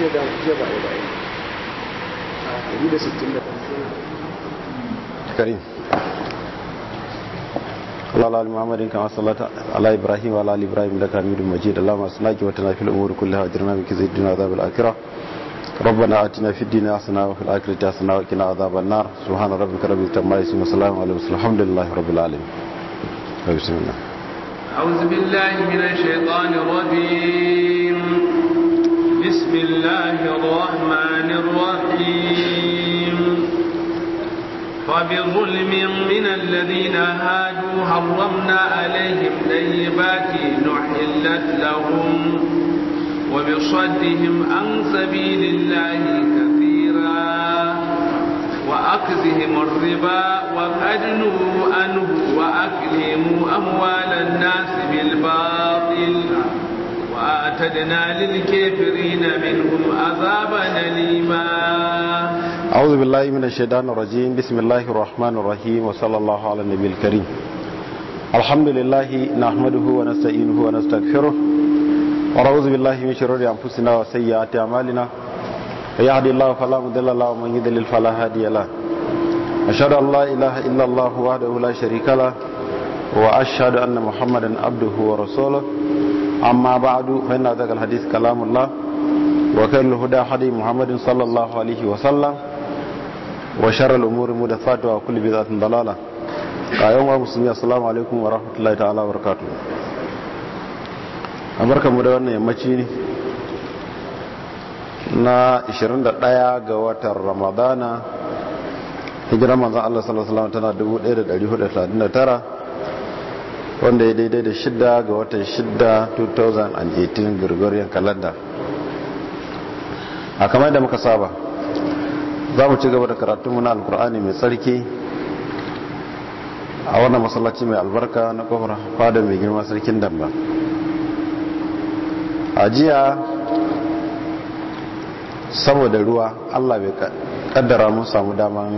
jiya da jiya ba ba yi da 60 da karim Allah lalim Muhammadin kama salata ala Ibrahim wa lalim da kamilu maji da lama sunaki wata na filin umaru kulle hajji na miki zai dina azabar akira. Rabbana a tina fi dina asana wa filakir ta asana wa kina azabar nar. Suhana rabbi karabi ta mai su musulman wa alaihi wasu alhamdulillahi rabbi lalim. Abisimina. Auzubillahi minan shaitanir بسم الله الرحمن الرحيم فبظلم من الذين هادوا حرمنا عليهم طيبات نحلت لهم وبصدهم عن سبيل الله كثيرا وأخذهم الربا وقد نهوا عنه وأكلهم أموال الناس بالباطل وأعتدنا للكافرين منهم عذابا أليما أعوذ بالله من الشيطان الرجيم بسم الله الرحمن الرحيم وصلى الله على النبي الكريم الحمد لله نحمده ونستعينه ونستغفره ونعوذ بالله من شرور أنفسنا وسيئات أعمالنا ويهد الله فلا مضل له ومن يضلل فلا هادي له أشهد أن لا إله إلا الله وحده لا شريك له وأشهد أن محمدا عبده ورسوله أما بعد فإن أتك الحديث كلام الله وخير الهدى حدي محمد صلى الله عليه وسلم وشر الأمور مدثاتها وكل بدعة ضلالة أيها المسلمين السلام عليكم ورحمة الله تعالى وبركاته أمركم مدونة يمتشيني na 21 ga watan ramadana hijirar manzan Allah sallallahu Alaihi wasallam tana 1439 wanda ya daidai da shidda ga watan shida 2018 gregorian calendar a kamar da muka saba za mu ci gaba da karatunmu na alkur'ani mai tsarki a wannan masallaci mai albarka na kofar fada mai girma sarkin damba a jiya saboda ruwa allah bai kaddara mun samu daman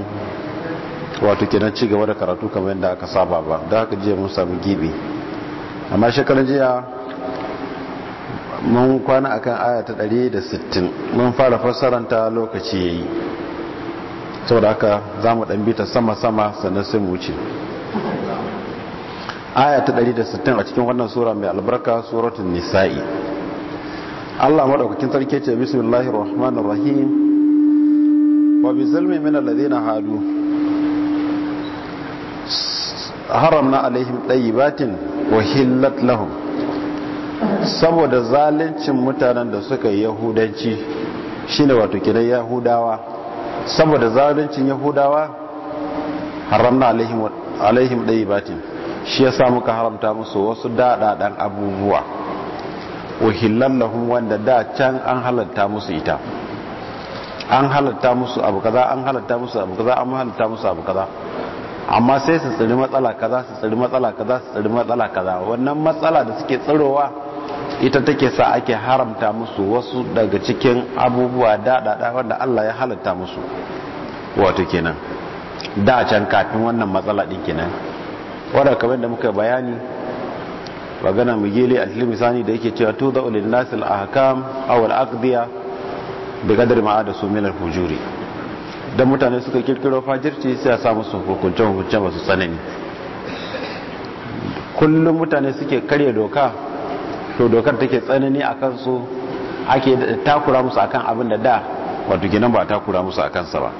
wato kenan ci gaba da karatu kamar yadda aka saba ba da haka jiya mun samu gibi amma shekaran jiya mun kwana akan aya ta 160 mun fara fassaranta lokaci ya yayi saboda haka za mu ɗan ta sama-sama sannan sai mu wuce aya ta 160 a cikin wannan sura mai albarka suratun nisa'i Allah maɗaukakin sarki ce bismillahir rahmanir rahim wa bi zulmi min alladhina hadu haramna alaihim ɗayibatin wa hillat lahum saboda zalincin mutanen da suka yi yahudanci shine wato kidan yahudawa saboda zalincin yahudawa haramna alaihim ɗayibatin shi ya sa muka haramta musu wasu daɗaɗen abubuwa uhillan lahum wanda da can an halatta musu ita an halatta musu abu kaza an halatta musu abu kaza an halatta musu abu kaza amma sai su tsiri matsala kaza su tsiri matsala kaza su tsiri matsala kaza wannan matsala da suke tsirowa ita take sa ake haramta musu wasu daga cikin abubuwa daɗaɗa wanda Allah ya halatta musu wato kenan da can kafin wannan matsala ɗin kenan wadda kamar da muka bayani magana mugili cikin misani da yake cewa tu da ulil nasil a aw al aqdiya da gadar ma da su milar hujuri da mutane suka kirkiro fajirci sai a samu su hukunce hukuncen masu tsanani kullum mutane suke karya doka to dokar take tsanani a kansu ake takura musu a kan abin da da wato ginan ba a takura musu a kansa ba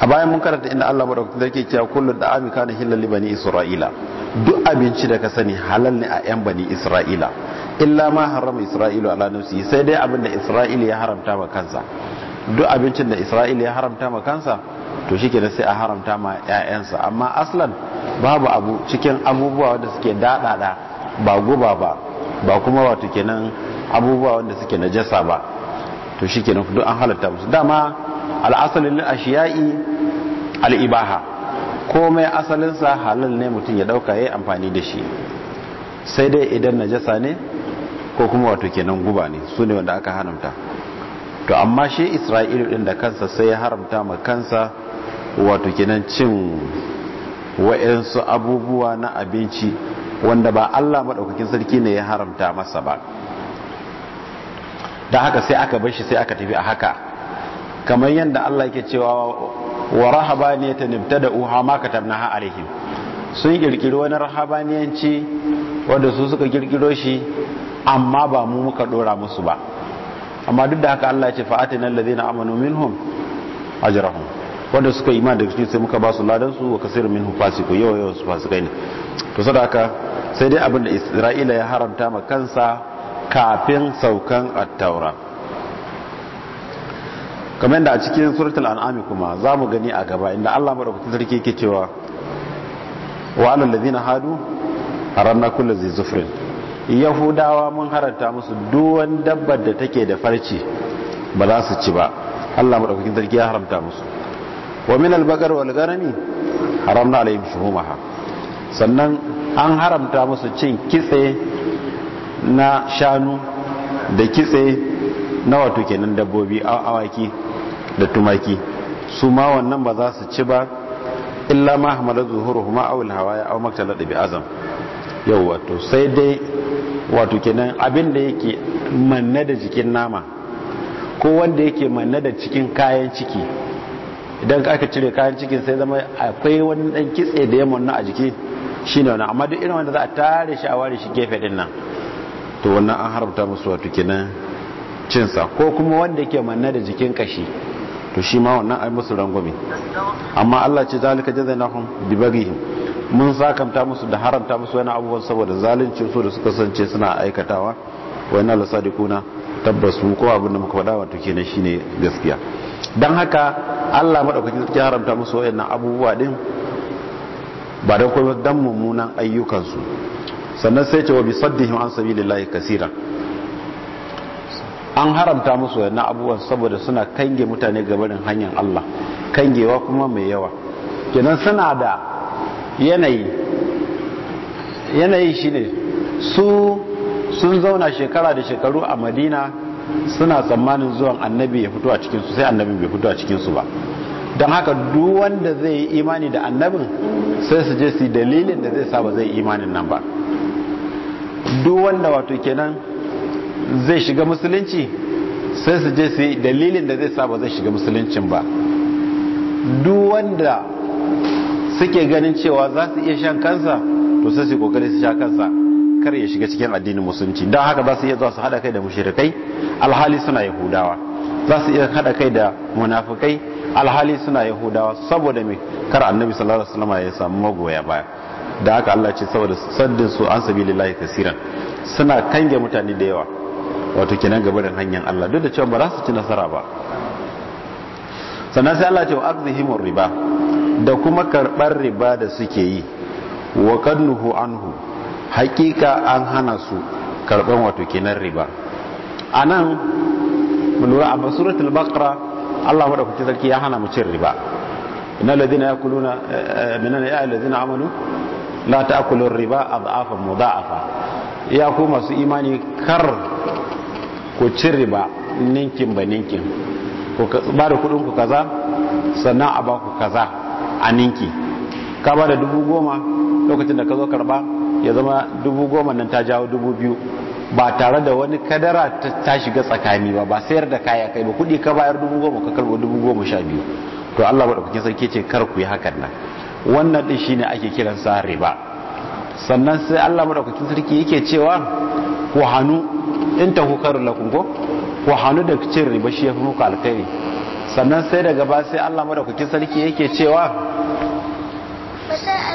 a bayan mun karanta inda Allah da ke cewa kullum da amika kana hilal li bani isra'ila duk abinci da ka sani halal ne a yan bani isra'ila illa ma harama isra'ilu ala nafsi sai dai abin da isra'il ya haramta ma kansa duk abincin da isra'il ya haramta ma kansa to shi sai a haramta ma ƴaƴansa amma aslan babu abu cikin abubuwa wanda suke daɗaɗa ba guba ba ba kuma wato kenan abubuwa wanda suke najasa ba to shi kenan duk an halatta musu dama al'asalin ashiya'i al'ibaha komai asalinsa halal ne mutum ya dauka ya amfani da shi sai dai idan najasa ne ko kuma wato kenan guba ne su ne wanda aka haramta to amma shi isra'ilu din da kansa sai ya haramta ma kansa wato kenan cin wa'yansu abubuwa na abinci wanda ba Allah maɗaukakin sarki ne ya haramta masa ba da haka sai aka bar shi sai aka tafi a haka kamar yadda Allah yake cewa wa rahabaniyatan ibtada'uha ma katabnaha alaihim sun kirkiri wani rahabaniyanci wanda su suka kirkiro shi amma ba mu muka dora musu ba amma duk da haka Allah ya ce fa'atina allazina amanu minhum ajrahum wanda suka yi imani da shi sai muka ba su ladan su wa kasir minhum fasiku yawa yawa su fasikai ne to sadaka sai dai abin da Isra'ila ya haramta ma kansa kafin saukan at-taura kamar da a cikin suratul an'am kuma zamu gani a gaba inda Allah madaukakin sarki yake cewa wa alal hadu haramna kula zai zufrin yahudawa mun haranta musu duwan dabbar da take da farci ba za su ci ba Allah madaukakin sarki ya haramta musu wa min al haram na alayin shuhumaha sannan an haramta musu cin kitse na shanu da kitse na wato kenan dabbobi a awaki da tumaki su ma wannan ba za su ci ba illa ma zuhuru zuhuruhuma hawa ya hawaya aw maktalad azam yau wato sai dai wato kenan abin da yake manne da jikin nama ko wanda yake manne da cikin kayan ciki idan aka cire kayan cikin sai zama akwai wani dan kitse da ya manna a jiki shine wannan amma duk irin wanda za a tare shi a ware shi gefe din nan to wannan an haramta musu wato kenan cinsa ko kuma wanda yake manna da jikin kashi to shi ma wannan ai musu rangwame amma Allah ce zalika jazainahum bi mun sakanta musu da haramta musu wani abubuwan saboda zalunci su da suka sance suna aikatawa wa inna lasadikuna tabbas mu ko abin da muka faɗa wato kenan shine gaskiya dan haka Allah madaukakin sarki haramta musu wayannan abubuwa din ba dan kuma dan mummunan ayyukan su sannan sai ce wa bi saddihim an sabilillahi kasira an haramta musu wannan abubuwan saboda suna kange mutane gabarin hanyar Allah kangewa kuma mai yawa kenan suna da yanayi yanayi shine su sun zauna shekara da shekaru a madina suna tsammanin zuwan annabi ya fito a cikinsu sai annabi bai fito a cikinsu ba don haka duk wanda zai yi imani da annabin sai su je su dalilin da zai sa ba zai imanin nan ba duk wato kenan zai shiga musulunci sai su je su yi dalilin da zai sa ba zai shiga musuluncin ba duk wanda suke ganin cewa za su iya shan kansa to sai su kokari su sha kansa kar ya shiga cikin addinin musulunci don haka za su iya zuwa su hada kai da mushrikai alhali suna yahudawa za su iya hada kai da munafukai alhali suna yahudawa saboda me kar annabi sallallahu alaihi wasallam ya samu magoya baya da haka Allah ce saboda saddin su an sabilillahi kasiran suna kange mutane da yawa wato kenan gaba da hanyar Allah duk da cewa ba za su ci nasara ba sannan sai Allah ce wa arzihimur riba da kuma karbar riba da suke yi wa kanuhu anhu hakika an hana su karban wato kenan riba anan mun lura a suratul baqara Allah madaukaki sarki ya hana mu cin riba inna ladina yakuluna eh, minan ya alladhina amanu la ta'kulu riba adhafa mudha'afa ya ku masu imani kar ku cin riba ninkin ba ninkin ku ba da kudin ku kaza sannan a baku kaza a ninki ka ba da dubu goma lokacin da ka zo karba ya zama dubu goma nan ta jawo dubu biyu ba tare da wani kadara ta shiga tsakani ba ba sayar da kaya kai ba kudi ka bayar dubu goma ka karbo dubu goma sha biyu to Allah madaukakin sarki ce kar ku yi hakan nan wannan din ne ake kiransa riba sannan sai Allah madaukakin sarki yake cewa ku hannu in ta hukar lakum ko ku hannu da cin riba shi ya fi muka alkhairi sannan sai daga ba sai Allah madaukakin sarki yake cewa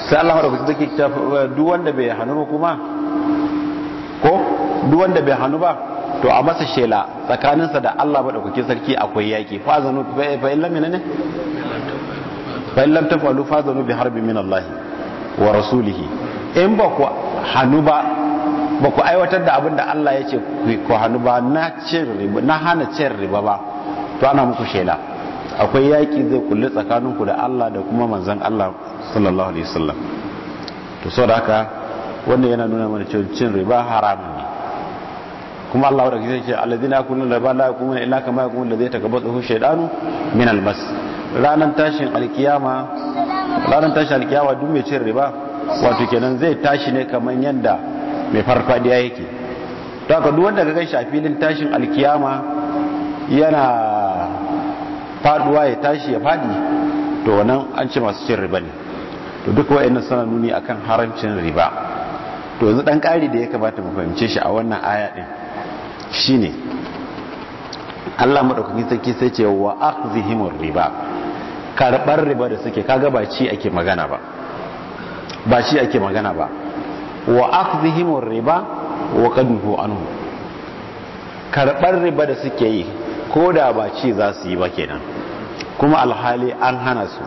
sai Allah madaukakin sarki yake cewa duk wanda bai hannu ba kuma ko duk wanda bai hannu ba to a masa shela tsakaninsa da Allah madaukakin sarki akwai yaki fa zanu fa illam ne fa illam tafalu fa zanu bi harbi min Allah wa rasulihi in ba ku hannu ba ba ku aiwatar da abin da Allah ya ce ku hannu ba na hana cin riba ba to ana muku shela akwai yaƙi zai kulli tsakaninku da Allah da kuma manzan Allah sallallahu alaihi wasallam to so da haka wannan yana nuna mana cewa cin riba haramun ne kuma Allah wadda kisa ce alladina da ba la kuma ina kama yakunu alladhi takabbathu shaytanu min almas ranan tashin alkiyama ranan tashin alkiyama duk mai cin riba wato kenan zai tashi ne kamar yanda mai farfadiya yake to haka duk wanda ka shi a filin tashin alkiyama yana faduwa ya tashi ya fadi to wannan an ce masu cin riba ne to duk wa'in suna nuni akan haramcin riba to yanzu dan ƙari da ya kamata mu fahimce shi a wannan aya din shine Allah madaukakin sarki sai ce wa akhzihimur riba karbar riba da suke kaga ba ci ake magana ba ba shi ake magana ba wa akhdhihim riba wa kadhu anhu karbar riba da suke yi ko da ba ci za su yi ba kenan kuma alhali an hana su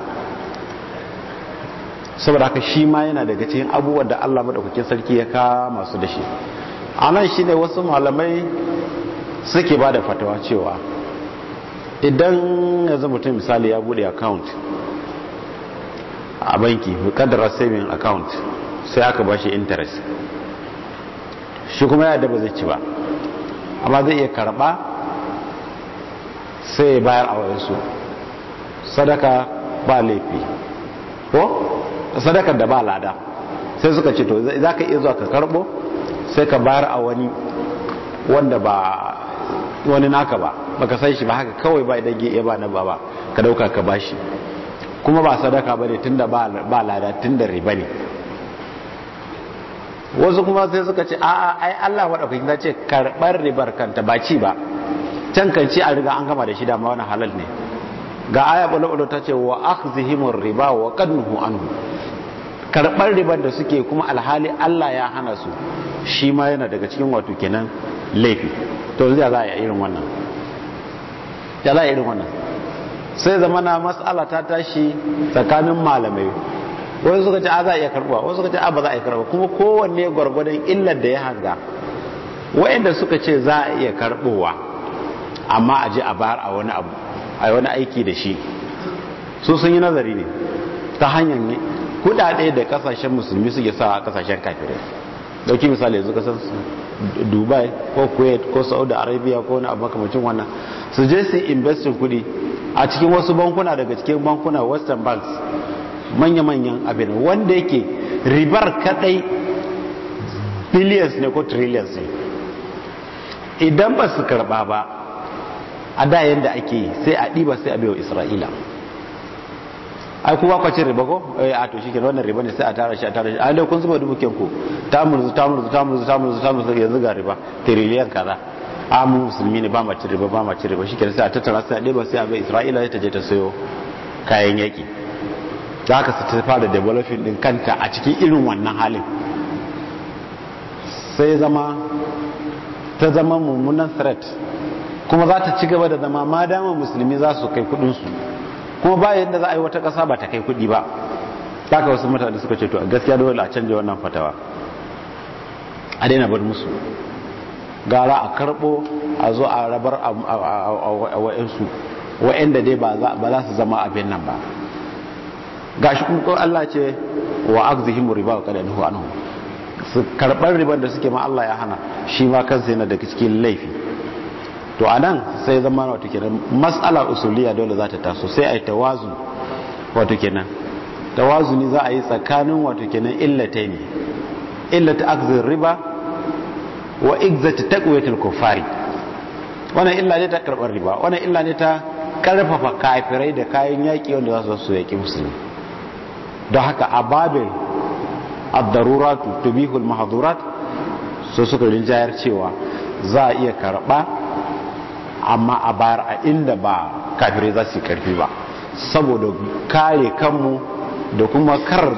saboda haka shi ma yana daga cikin abubuwan da Allah madaukakin sarki ya kama su da shi anan shine wasu malamai suke bada fatawa cewa idan yanzu mutum misali ya bude account a banki kadara saving account sai aka ba shi interest shi kuma ya ba zai ci ba amma zai iya karba sai ya bayar a wayansu sadaka ba laifi ko sadaka da ba lada sai suka ce to za ka iya zuwa ka karbo sai ka bayar a wani wanda ba wani naka ba baka san shi ba haka kawai ba idan ya ba na ba ba ka dauka ka ba shi kuma ba sadaka ba ne tunda ba lada tunda riba ne wasu kuma sai suka ce a'a ai Allah madaukakin ta ce karbar ribar kanta ba ci ba can kan ci a riga an gama da shi dama wani halal ne ga aya bulbulu ta ce wa akhzihimur riba wa qadnuhu anhu karbar ribar da suke kuma alhali Allah ya hana su shi ma yana daga cikin wato kenan laifi to yanzu za a yi irin wannan ya za a yi irin wannan sai zamana mas'ala ta tashi tsakanin malamai wani suka ce a za a iya karɓuwa wani suka ce a ba za a iya karɓuwa kuma kowanne gwargwadon illar da ya hanga wainda suka ce za a iya karbowa amma a je a bayar a wani abu a wani aiki da shi su sun yi nazari ne ta hanyar ne kuɗaɗe da kasashen musulmi suke sa a kasashen kafirai dauki misali yanzu kasan dubai ko kuwait ko saudi arabia ko wani abu makamacin wannan su je su investin kudi a cikin wasu bankuna daga cikin bankuna western banks manya-manyan abin wanda yake ribar kadai billions ne ko trillions ne idan ba su karba ba a da yadda ake sai a ɗiba sai a biyo isra'ila ai kuma kwace riba ko eh, a to shi kenan wannan riba ne sai a tara shi a tara shi a lokacin kun zuba dubu kenku ta murzu ta murzu ta murzu ta murzu ta murzu yanzu ga riba tiriliyan kaza a mu musulmi ne ba ma ci riba ba ma ci riba shi kenan sai a tattara sai a ɗiba sai a bai isra'ila ta je ta sayo kayan yaƙi za ka su ta fara developing din kanta a cikin irin wannan halin sai zama ta zama mummunan threat kuma za ta ci gaba da zama ma dama musulmi za su kai kudinsu kuma ba yadda za a yi wata ƙasa ba ta kai kudi ba ta ka wasu mutane suka ce to a gaskiya dole a canja wannan fatawa a daina bar musu gara a karbo a zo a rabar a wa'insu wa'inda dai ba za su zama abin nan ba gashi kuma Allah ce wa akzihim riba wa kada anhu anhu su karbar riban da suke ma Allah ya hana shi ma kansa yana daga cikin laifi to anan sai zama wato kenan mas'ala usuliya dole za ta taso sai ai tawazu wato kenan tawazuni za a yi tsakanin wato kenan illatai ne illata akzin riba wa igzati taqwiyatul kuffari wannan illa ne ta karban riba wannan illa ne ta karfafa kafirai da kayan yaki wanda za su yaki su yaƙi musulmi don haka a babin addaruratu tubihul mahadurat su suka rinjayar cewa za a iya karɓa amma a bayar a inda ba kafirai za su karfi ba saboda kare kanmu da kuma kar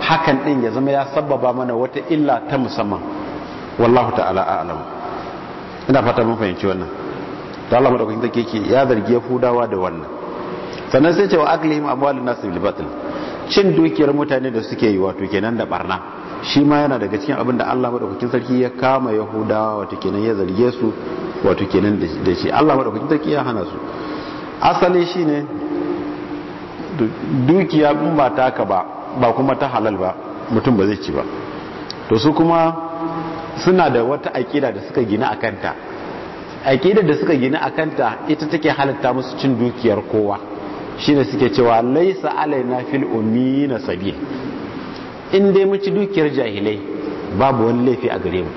hakan ɗin ya zama ya sababa mana wata illa ta musamman wallahu ta'ala a'lam ina fata mun fahimci wannan da Allah madaukakin take yake ya zargi yahudawa da wannan sannan sai cewa aklihim abwalun nas bil batil cin dukiyar mutane da suke yi wato kenan da barna shi ma yana daga cikin abin da Allah madaukakin sarki ya kama yahudawa wato kenan ya zarge su wato kenan da shi Allah madaukakin sarki ya hana su asali shine dukiya in ba taka ba ba kuma ta halal ba mutum ba zai ci ba to su kuma suna da wata aƙida da suka gina akanta aƙidar da suka gina akanta ita take halatta musu cin dukiyar kowa shi ne suke cewa laisa alaina fil sabil in dai muci dukiyar jahilai babu wani laifi a gare mu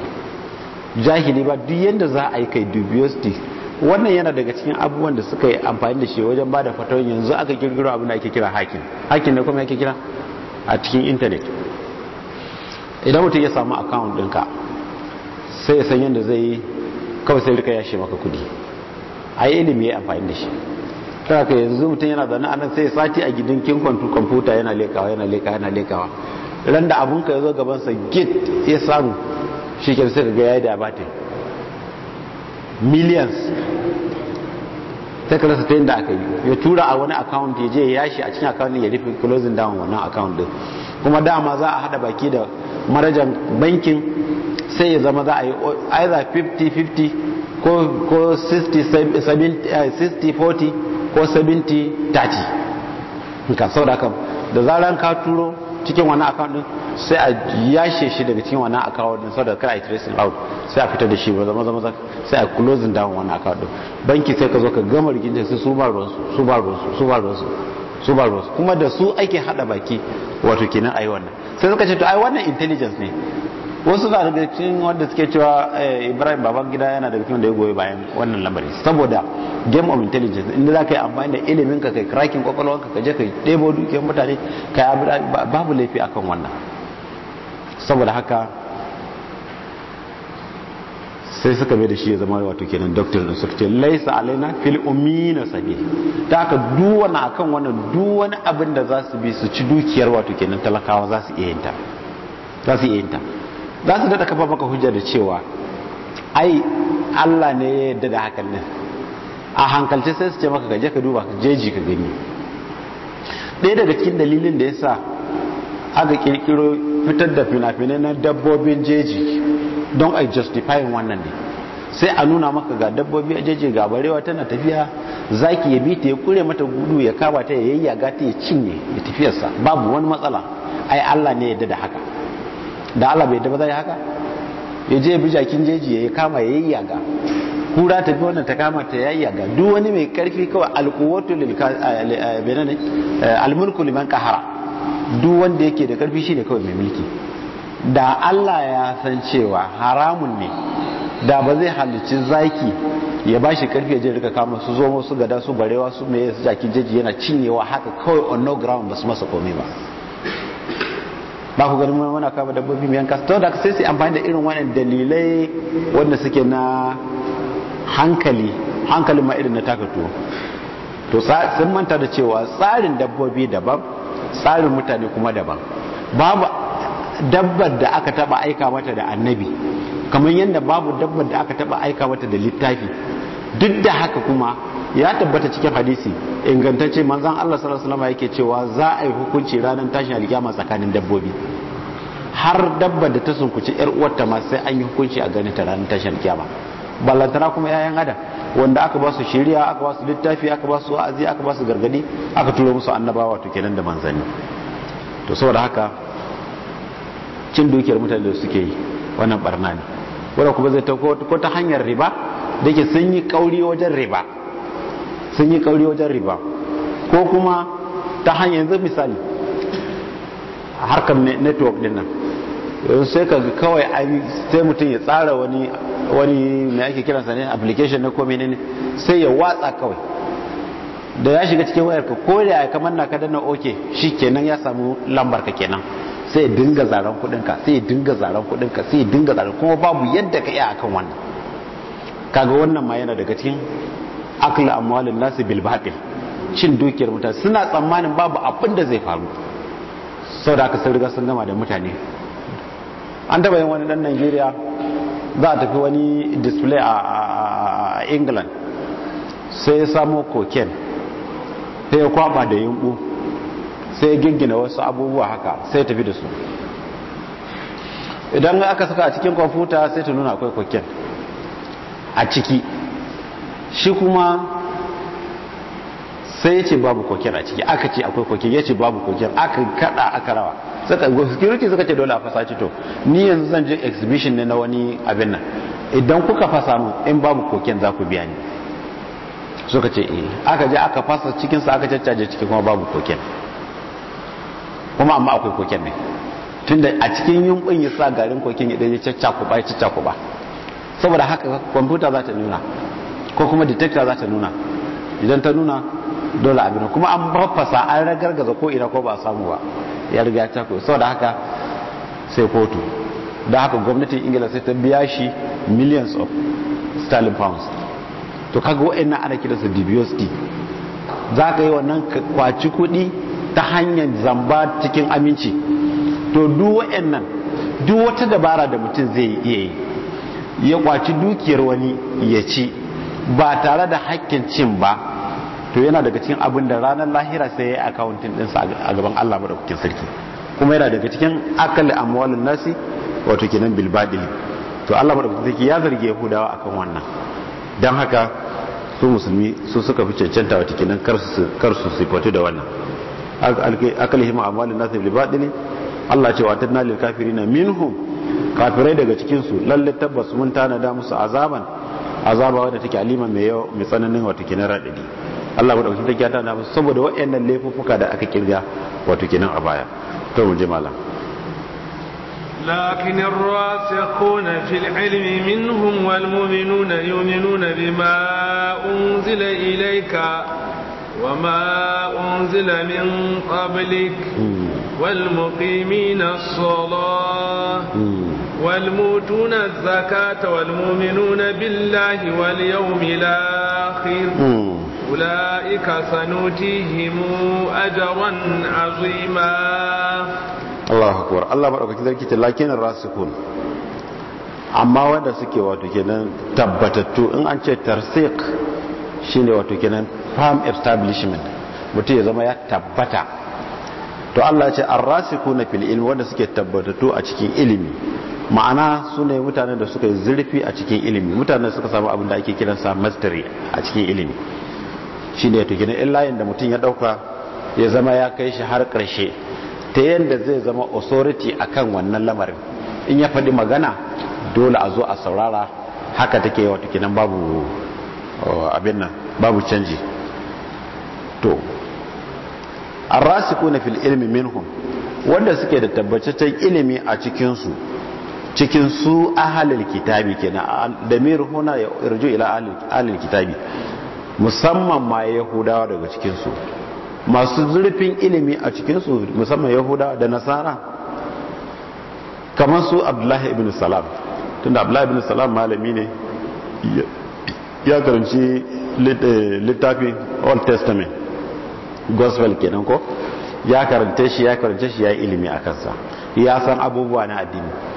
jahili ba duk yadda za a yi kai dubiosity wannan yana daga cikin abubuwan da suka yi amfani da shi wajen ba da yanzu aka kirkiro abin da ake kira hakin hakin da kuma ake kira a cikin intanet idan mutum ya samu akawun ɗinka sai ya san yadda zai kawai sai rika yashe maka kudi a yi ilimi ya amfani da shi ta ka yanzu mutum yana zane a nan sai sati a gidan kin kwamfuta yana lekawa yana lekawa yana lekawa ran da abun ka zo gaban sa git ya samu shi ke sai ga yayi da batin millions ta rasa ta da aka yi ya tura a wani account ya je ya shi a cikin account ya rufe closing down wannan account din kuma dama za a hada baki da marajan bankin sai ya zama za a yi either 50-50 ko 60-40 ko 70 30 ka sau da kan da zaran ka turo cikin wani account din sai a yashe shi daga cikin wani account din a kai tracing out sai a fitar da shi ba zama zama sai a closing down wani account din banki sai ka zo ka gama rikincin sai su ba ruwan su ba su ba ruwan kuma da su ake hada baki wato kenan ayi wannan sai suka ce to ai wannan intelligence ne wasu na daga cikin wanda suke cewa eh, ibrahim baban gida yana daga cikin da ya goyi bayan wannan lamari saboda game of intelligence inda za ka yi amfani da ilimin ka kai cracking kwakwalwanka ka je ka ɗebo dukiyar mutane ka babu laifi a kan wannan saboda haka sai suka mai da shi ya zama wato kenan doctor da suka ce laisa alaina fil umina sabi ta ka duwana akan wannan duwani abin da za su bi su ci dukiyar wato kenan talakawa za su iya yinta za su daɗa kafa maka hujja da cewa ai Allah ne ya yadda da hakan nan a hankalce sai su ce maka gaje ka duba jeji ka gani ɗaya daga cikin dalilin da ya sa aka kirkiro fitar da fina-finai na dabbobin jeji don a justify wannan ne sai a nuna maka ga dabbobi a jeji ga barewa tana tafiya zaki ya bi ta ya kure mata gudu ya kama ya yayyaga ta ya cinye ya tafiyarsa babu wani matsala ai Allah ne ya da haka da Allah bai da zai haka ya je bi jakin jeji ya kama ya yi yaga kura ta bi wannan ta kama ta yaga duk wani mai karfi kawai alquwatu lil benane liman qahara duk wanda yake da karfi shine kawai mai mulki da Allah ya san cewa haramun ne da ba zai halicci zaki ya ba shi karfi je rika kama su zo su gada su barewa su mai jakin jeji yana cinyewa haka kawai on no ground ba su masa komai ba ba ku ganin muna kama dabbobi mai yanka to da sai su amfani da irin wannan dalilai wanda suke na hankali hankalin ma irin na takatuwa to sun manta da cewa tsarin dabbobi daban tsarin mutane kuma daban babu dabbar da aka taba aika mata da annabi kamar yadda babu dabbar da aka taba aika mata da littafi duk da haka kuma ya tabbata cikin hadisi ingantacce manzan Allah sallallahu alaihi wasallam yake cewa za a yi hukunci ranar tashin alkiyama tsakanin dabbobi har dabba da ta sunkuci yar ta ma sai an yi hukunci a ganin ta ranar tashin alkiyama ballantana kuma yayan adam wanda aka ba su shari'a aka ba su littafi aka ba su wa'azi aka ba su gargadi aka turo musu annabawa to kenan da manzanni to saboda haka cin dukiyar mutane da suke yi wannan barna ne wanda kuma zai ta ko ta hanyar riba da ke sun yi kauri wajen riba sun yi kauri wajen riba ko kuma ta hanyar yanzu misali a harkar network din nan yanzu sai ka kawai sai mutum ya tsara wani wani mai ake kiransa ne application na komi ne sai ya watsa kawai da ya shiga cikin wayarka ko da ya kamar na ka oke shi kenan ya samu lambar ka kenan sai dinga zaren kudinka sai dinga zaren kudinka sai dinga zaren kuma babu yadda ka iya akan wannan kaga wannan ma yana daga cikin akla amwalin nasu bil cin dukiyar mutane suna tsammanin babu abin da zai faru sau da aka sun riga sun gama da mutane an taba yin wani dan Najeriya za a tafi wani display a England sai ya samo cocaine sai ya kwaba da yunku sai ya gingina wasu abubuwa haka sai ya tafi da su idan aka saka a cikin kwamfuta sai ta nuna akwai cocaine a ciki shi kuma sai ya ce babu kokin a ciki aka ce akwai kokin ya ce babu kokin aka kada aka rawa suka security suka ce dole a fasa ce to ni yanzu zan je exhibition ne na wani abin nan idan kuka fasa mun in babu kokin za ku biya ni suka ce eh aka je aka fasa cikin sa aka caccaje ciki kuma babu kokin kuma amma akwai kokin ne tunda a cikin yumbin ya sa garin kokin idan ya cacca ku ba cacca ba saboda haka kwamfuta za ta nuna ko kuma detector za ta nuna idan ta nuna dole abin kuma an fafasa an ragargaza ko ina ko ba a samu ba ya riga ta sau da haka sai kotu da haka gwamnatin ingila sai ta biya shi millions of sterling pounds to kaga wa'annan ana kiransa di za ka yi wannan kwaci kuɗi ta hanyar zamba cikin aminci to duk nan duk wata dabara da mutum zai iya yi ya kwaci dukiyar wani ya ci ba tare da hakkin cin ba to yana daga cikin abin da ranar lahira sai ya yi akawuntin ɗinsa a gaban Allah maɗaukakin sarki kuma yana daga cikin akali amwalin nasi wato kinan bilbadili to Allah maɗaukakin sarki ya zargi yahudawa akan wannan don haka su musulmi su suka fi cancanta wata kinan kar su sifatu da wannan akali hima amwalin nasi bilbadili Allah ce wa tadna kafirina minhum kafirai daga cikin su lalle tabbas mun tanada musu azaban azaba wadda take alima mai yau mai tsananin wata kinan radadi Allah ba dauki take tana ba saboda wayannan laifuka da aka kirga wato kinan a baya to mu je malam لكن الراسخون في العلم منهم والمؤمنون يؤمنون بما أنزل إليك وما أنزل من قبلك والمقيمين الصلاة والموتون الزكاة والمؤمنون بالله واليوم الآخر أولئك سنؤتيهم أجرا عظيما الله أكبر الله بارك فيك لكن الراسخون amma wanda suke wato kenan tabbatattu in an ce tarsik shine wato kenan farm establishment mutum ya zama ya tabbata to Allah ce arrasiku na fil ilmi wanda suke tabbatattu a cikin ilimi ma'ana su ne mutane da suka yi zurfi a cikin ilimi mutane suka samu abin da ake kiransa mastery a cikin ilimi shi ne to gina da mutum ya dauka ya zama ya kai shi har karshe ta yadda zai zama authority a kan wannan lamarin in ya faɗi magana dole a zo a saurara haka take wato kinan babu uh, abin nan babu canji to kuna fil ilimi minhum wanda suke da tabbataccen ilimi a cikinsu cikin su ahalil kitabi kenan da mir huna ya irju ila ahalil kitabi musamman ma yahudawa daga cikin su masu zurfin ilimi a cikin su musamman yahudawa da nasara kamar su abdullahi ibn salam tunda abdullahi ibn salam malami ne ya karanci eh, littafi old testament gospel kenan ko ya karanta shi ya karanta shi ya ilimi a kansa ya san abubuwa na addini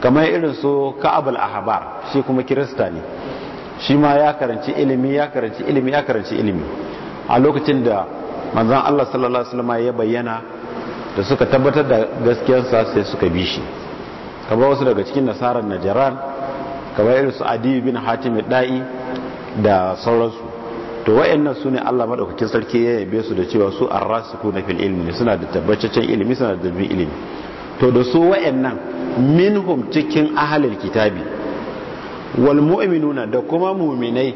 kamar irin su ka'abul ahbar shi kuma kirista ne shi ma ya karanci ilimi ya karanci ilimi ya karanci ilimi a lokacin da manzon Allah sallallahu alaihi wasallam ya bayyana da suka tabbatar da gaskiyarsa sai suka bi shi kamar wasu daga cikin nasarar najran kamar irin su adi bin hatim da'i da sauransu to wayannan su ne Allah madaukakin sarki ya yabe su da cewa su rasu na fil ilimi suna da tabbataccen ilimi suna da dabbin ilimi to da su wayannan minhum cikin ahalil kitabi wal mu'minuna da kuma mu'minai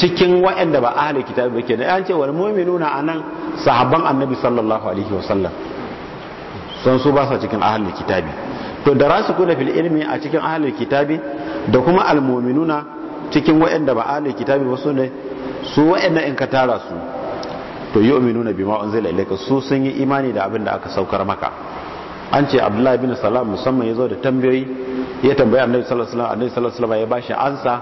cikin wa'anda ba ahalil kitabi ba kenan an ce wal mu'minuna anan sahabban annabi sallallahu alaihi wasallam san su ba sa cikin ahalil kitabi to da rasu kuna fil ilmi a cikin ahalil kitabi da kuma al mu'minuna cikin wa'anda ba ahalil kitabi ba su ne su wa'anda in ka tara su to yu'minuna bima unzila ilayka su sun yi imani da abin da aka saukar maka an ce abdullahi bin salam musamman ya zo da tambayoyi ya tambayi a sallallahu alaihi wasallam ya ba shi ya ansa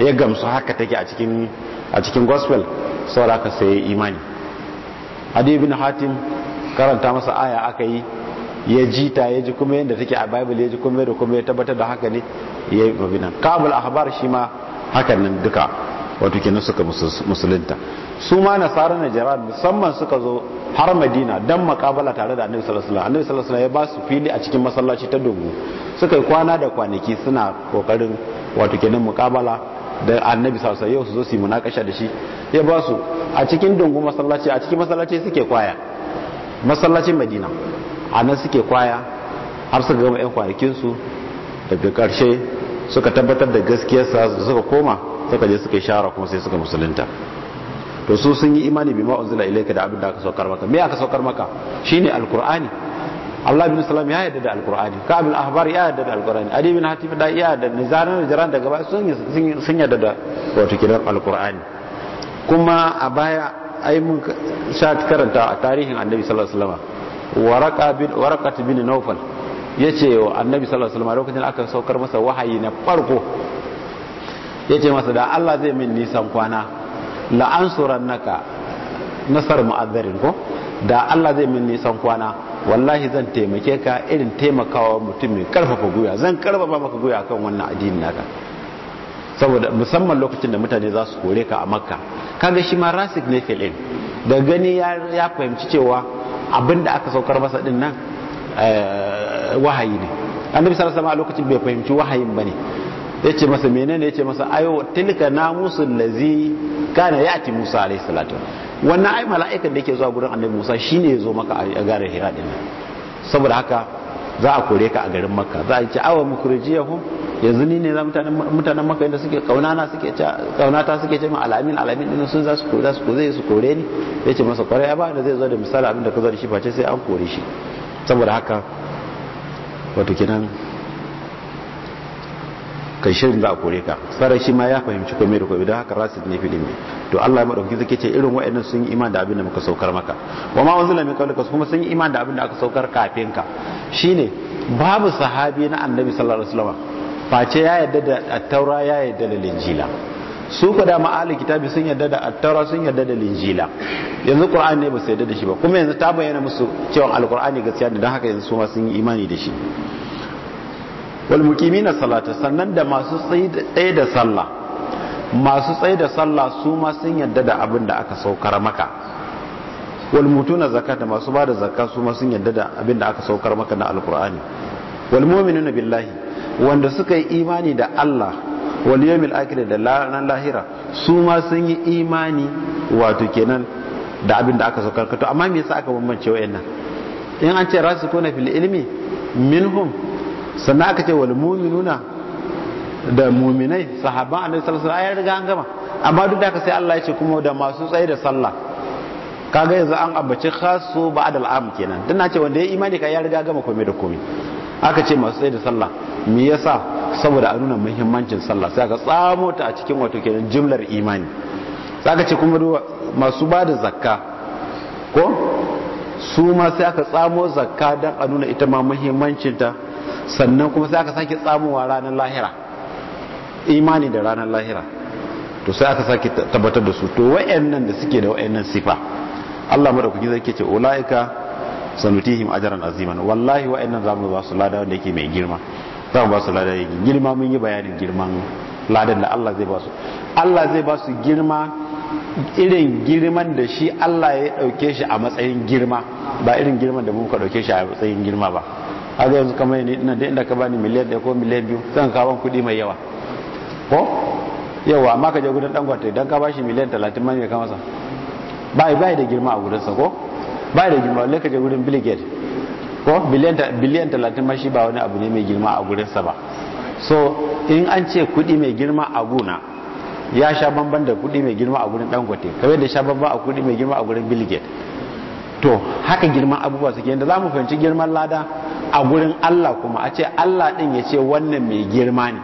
ya gamsu haka take a cikin a cikin gospel saboda ka sai imani hadi bin hatim karanta masa aya aka yi ya ji ta ya ji kuma yadda take a bible ya ji kuma da kuma ya tabbatar da haka ne ya yi mabinan a ahbar shi ma hakan nan duka wato nan suka musulunta su ma nasara na jiran musamman suka zo har madina don makabala tare da annabi sallallahu alaihi annabi sallallahu alaihi ya ba su fili a cikin masallaci ta dogo suka yi kwana da kwanaki suna kokarin wato nan mukabala da annabi sallallahu alaihi yau su zo su yi munakasha da shi ya ba su a cikin dungu masallaci a cikin masallaci suke kwaya masallacin madina a nan suke kwaya har suka gama yan kwanakinsu daga karshe suka tabbatar da gaskiyarsa suka koma suka je suka yi shahara kuma sai suka musulunta to su sun yi imani bima unzila ilayka da abin da aka saukar maka me aka saukar maka shine alqur'ani Allah bin Salam ya yadda da alqur'ani Ka'ab bin Ahbar ya yadda da alqur'ani Ali bin Hatim da ya yarda da Jaran da gaba sun sun yadda da wato kiran alqur'ani kuma a baya ai mun sha karanta a tarihin Annabi sallallahu alaihi wasallam waraka bin waraqat bin Nawfal yace wa Annabi sallallahu alaihi wasallam lokacin aka saukar masa wahayi na farko ya ce masa da Allah zai min nisan kwana la'ansuran naka nasar ma'azarin ko da Allah zai min nisan kwana wallahi zan taimake ka irin taimakawa mutum mai karfafa guya zan karfafa maka guya kan wannan addinin naka saboda musamman lokacin da mutane za su kore ka a makka kaga shi ma rasik ne filin da gani ya fahimci cewa abin da aka saukar masa din nan eh, wahayi ne annabi sallallahu alaihi wasallam a lokacin bai fahimci wahayin ne. yace masa menene yace masa ayo tilka namusul lazi kana yati Musa alayhi salatu wannan ai mala'ika da yake zuwa gurin Annabi Musa shine yazo maka a garin Hira din saboda haka za a kore ka a garin Makka za a ce awa mukrijiyahum yanzu ni ne za mutanen mutanen Makka inda suke kaunana suke ce ta suke ce ma alamin alamin din sun za su kore su kore su kore ni yace masa kwarai ba da zai zo da misali abin da ka zo da shi face sai an kore shi saboda haka wato kenan kai shirin za a kore ka sarai shi ma ya fahimci komai da komai don haka rasid ne filin to Allah ma madaukakin zai ce irin wa'annan sun yi iman da abin da muka saukar maka wa ma wanzu lamin kaulika kuma sun yi iman da abin da aka saukar kafin ka shine babu sahabi na annabi sallallahu alaihi wasallam face ya yadda da attaura ya yadda da linjila su ku da ma'ali kitabi sun yadda da attaura sun yadda da linjila yanzu qur'ani ne ba su yadda da shi ba kuma yanzu ta bayyana musu cewa alqur'ani gaskiya ne don haka yanzu su ma sun yi imani da shi wal na salata sannan da masu tsaye da sallah masu tsaye da sallah su ma sun yadda da abin da aka saukar maka wal mutuna zakata masu ba da zakka su ma sun yadda da abin da aka saukar maka na alqur'ani wal mu'minuna billahi wanda suka yi imani da Allah wal yawmil akhir da ranar lahira su ma sun yi imani wato kenan da abin da aka saukar ka to amma me yasa aka bambance wayannan in an ce rasikuna fil ilmi minhum sannan aka ce wal mu'minuna da mu'minai sahaban annabi sallallahu alaihi wasallam ya riga an gama amma duk da haka sai Allah ya ce kuma da masu tsaye da sallah kaga yanzu an ambaci khasu ba'd al'am kenan dan na ce wanda ya imani ka ya riga gama komai da komai aka ce masu tsaye da sallah me yasa saboda a nuna muhimmancin sallah sai aka tsamo ta a cikin wato kenan jimlar imani sai aka ce kuma masu ba da zakka ko su ma sai aka tsamo zakka don a nuna ita ma muhimmancinta sannan kuma sai aka sake tsamowa ranar lahira imani da ranar lahira to sai aka sake tabbatar da su to nan da suke da nan sifa Allah madaukaki zai ke ce ulaika sanutihim ajran aziman wallahi za zamu ba su lada wanda yake mai girma zamu ba su lada yake girma mun yi bayanin girman ladan da Allah zai ba su Allah zai ba su girma irin girman da shi Allah ya dauke shi a matsayin girma ba irin girman da muka dauke shi a matsayin girma ba a zai yanzu kamar yi ina da inda ka bani miliyan ɗaya ko miliyar biyu zan kawo kudi mai yawa ko yawa amma ka je gudun dangote idan ka bashi miliyan talatin mai kama ba bai bai da girma a gudunsa ko bai da girma lai ka je gudun bill ko biliyan talatin mashi ba wani abu ne mai girma a gudunsa ba so in an ce kudi mai girma a guna ya sha bamban da kudi mai girma a gurin dangote kawai da sha bamban a kudi mai girma a gurin bill to haka girman abubuwa suke yadda za mu fahimci girman lada a gurin Allah kuma a ce Allah ɗin ya ce wannan mai girma ne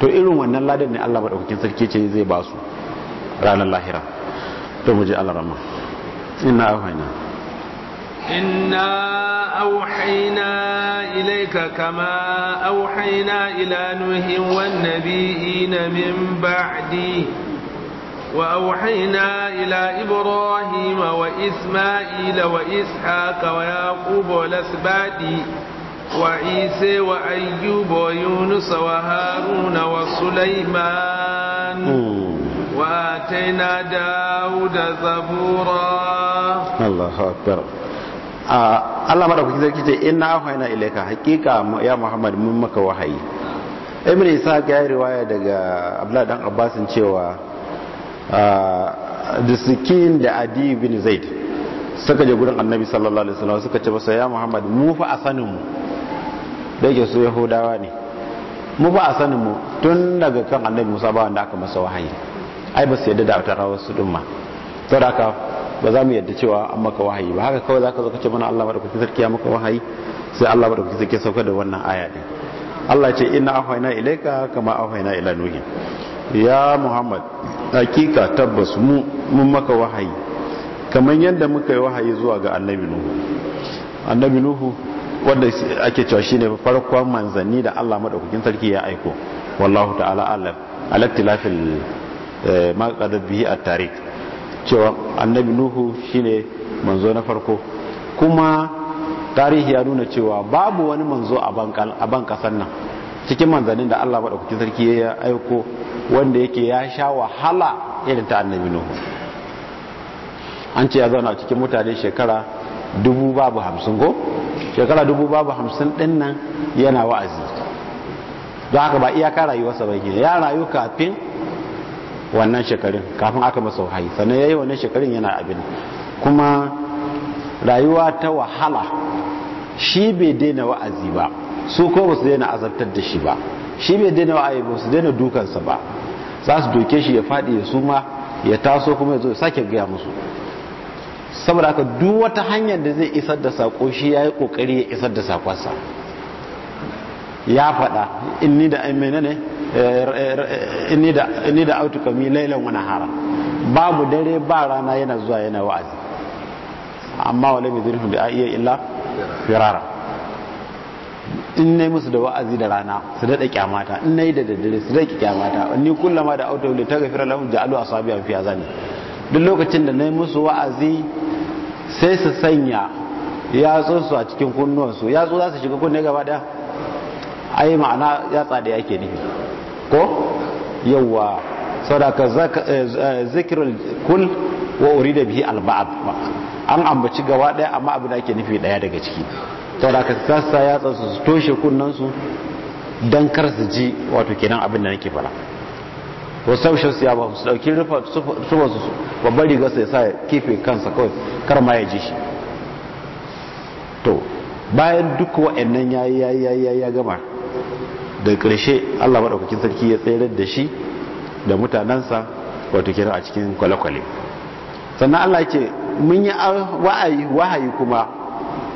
to irin wannan ladan ne Allah maɗaukakin sarki ce zai ba su ranar lahira to mu Allah rama inna auhaina. inna auhayna ilayka kama auhayna ila nuhin wan nabiyina min ba'di وأوحينا إلى إبراهيم وإسماعيل وإسحاق وياقوب والأسباد وعيسى وأيوب ويونس وهارون وسليمان hmm. وآتينا داود زبورا الله أكبر ah, Allah mara madaukaki zai kice inna ahayna ilaika hakika ya Muhammad mun maka wahayi Ibn Isa ga riwaya daga Abdullah dan Abbasin cewa Ah, da sikin da adi bin zaid suka je gurin annabi sallallahu alaihi wasallam suka ce masa ya muhammad mu fa asanin mu da yake su yahudawa ne mu fa asanin mu tun daga kan annabi musa ba wanda aka masa wahayi ai ba su yadda da ta rawar su din ma saboda ba za mu yadda cewa an maka wahayi ba haka kawai zaka zo ka ce mana Allah madaukaki sarki ya maka wahayi sai Allah madaukaki sarki sauka da wannan aya din Allah ya ce inna ahwayna ilayka kama ahwayna ila nuhin ya muhammad hakika tabbas mu mun maka wahayi kamar yadda muka yi wahayi zuwa ga annabi nuhu annabi nuhu wanda ake cewa shine farkon manzanni da Allah madaukakin sarki ya aiko wallahu ta'ala alam alattilafil eh, ma qadat bihi at-tarikh cewa annabi nuhu shine manzo na farko kuma tarihi ya nuna cewa babu wani manzo a ban kasar nan cikin manzannin da Allah madaukakin sarki ya aiko wanda yake ya sha wahala irin ta annabi nuhu an ce ya zauna cikin mutane shekara dubu babu hamsin ko shekara dubu babu hamsin din nan yana wa'azi don haka ba iyaka rayuwarsa ba ke ya rayu kafin wannan shekarun kafin aka masa wahayi sannan ya yi wannan shekarun yana abin kuma rayuwa ta wahala shi bai daina wa'azi ba su ko ba su daina azabtar da shi ba shi bai daina wa'ayi ba su daina dukansa ba za su doke shi ya faɗi ya suma ya taso kuma ya zo ya sake gaya musu saboda haka duk wata hanyar da zai isar da sako shi ya yi kokari ya isar da sakonsa ya faɗa inni da aimene ne inni da autukami lailan wani hara babu dare ba rana yana zuwa yana wa'azi amma wale mai zurfin da iya illa firara in nayi musu da wa'azi da rana su daɗa kyamata in nayi da daddare su daɗa kyamata ni kullama da auto da taghfira lahum ja'alu asabi'a fi zane. duk lokacin da nayi musu wa'azi sai su sanya ya tso su a cikin kunnuwansu ya yatsu za su shiga kunne gaba ɗaya? ai ma'ana ya tsada yake nufi ko yawa sadaka zikirul eh, eh, kul wa urida bihi al an ambaci gaba ɗaya amma abu da ake nufi daya daga ciki saboda ka sassa yatsa su toshe kunnan su dan kar su ji wato kenan abin da nake fara wasu shi su ba su dauki rufa sufa su babbar su sai sa kife kansa kawai kar ma ya ji shi to bayan duk wa'annan nan ya yi ya gama da ƙarshe Allah maɗaukakin sarki ya tsayar da shi da mutanensa wato kira a cikin kwale-kwale sannan Allah ce mun yi wahayi kuma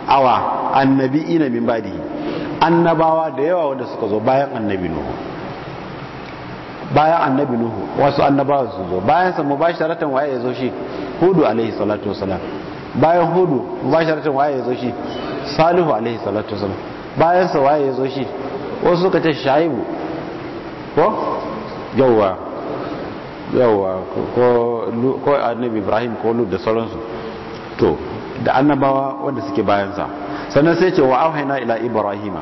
awa annabi ina min badi annabawa da yawa wanda suka zo bayan annabi nuhu bayan annabi nuhu wasu annabawa su zo bayan sa mubasharatan waye ya zo shi hudu alaihi salatu wasalam bayan hudu mubasharatan waye ya zo shi salihu alaihi salatu wasalam bayan sa waye ya zo shi wasu suka ce shaibu ko yawwa yawwa ko ko annabi ibrahim ko lu da sauransu to da annabawa wanda suke bayansa sannan sai ce wa auhayna ila ibrahima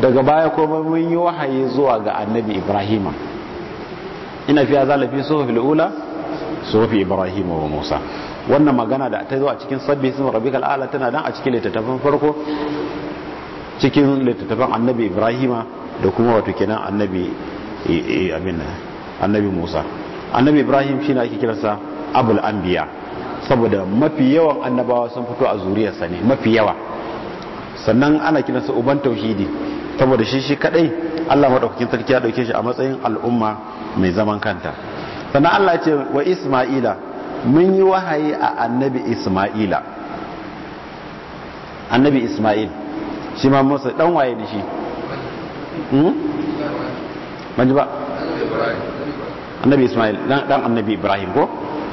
daga baya kuma mun yi wahayi zuwa ga annabi ibrahima ina fi azala sufi suhufil ula suhufi ibrahima wa musa wannan magana da ta zo a cikin sabbi sun rabbikal ala tana dan a cikin littattafan farko cikin littattafan annabi ibrahima da kuma wato kenan annabi eh, eh, amin annabi musa annabi ibrahim shine ake kiransa abul anbiya saboda mafi yawan annabawa sun fito a zuriyarsa ne mafi yawa sannan ana kiransa uban tauhidi saboda shi shi kadai Allah madaukakin sarki ya dauke shi a matsayin al'umma mai zaman kanta sannan Allah ce wa Isma'ila mun yi wahayi a annabi Isma'ila annabi Isma'il shi ma Musa dan waye ne shi hmm ba annabi Isma'il dan annabi Ibrahim ko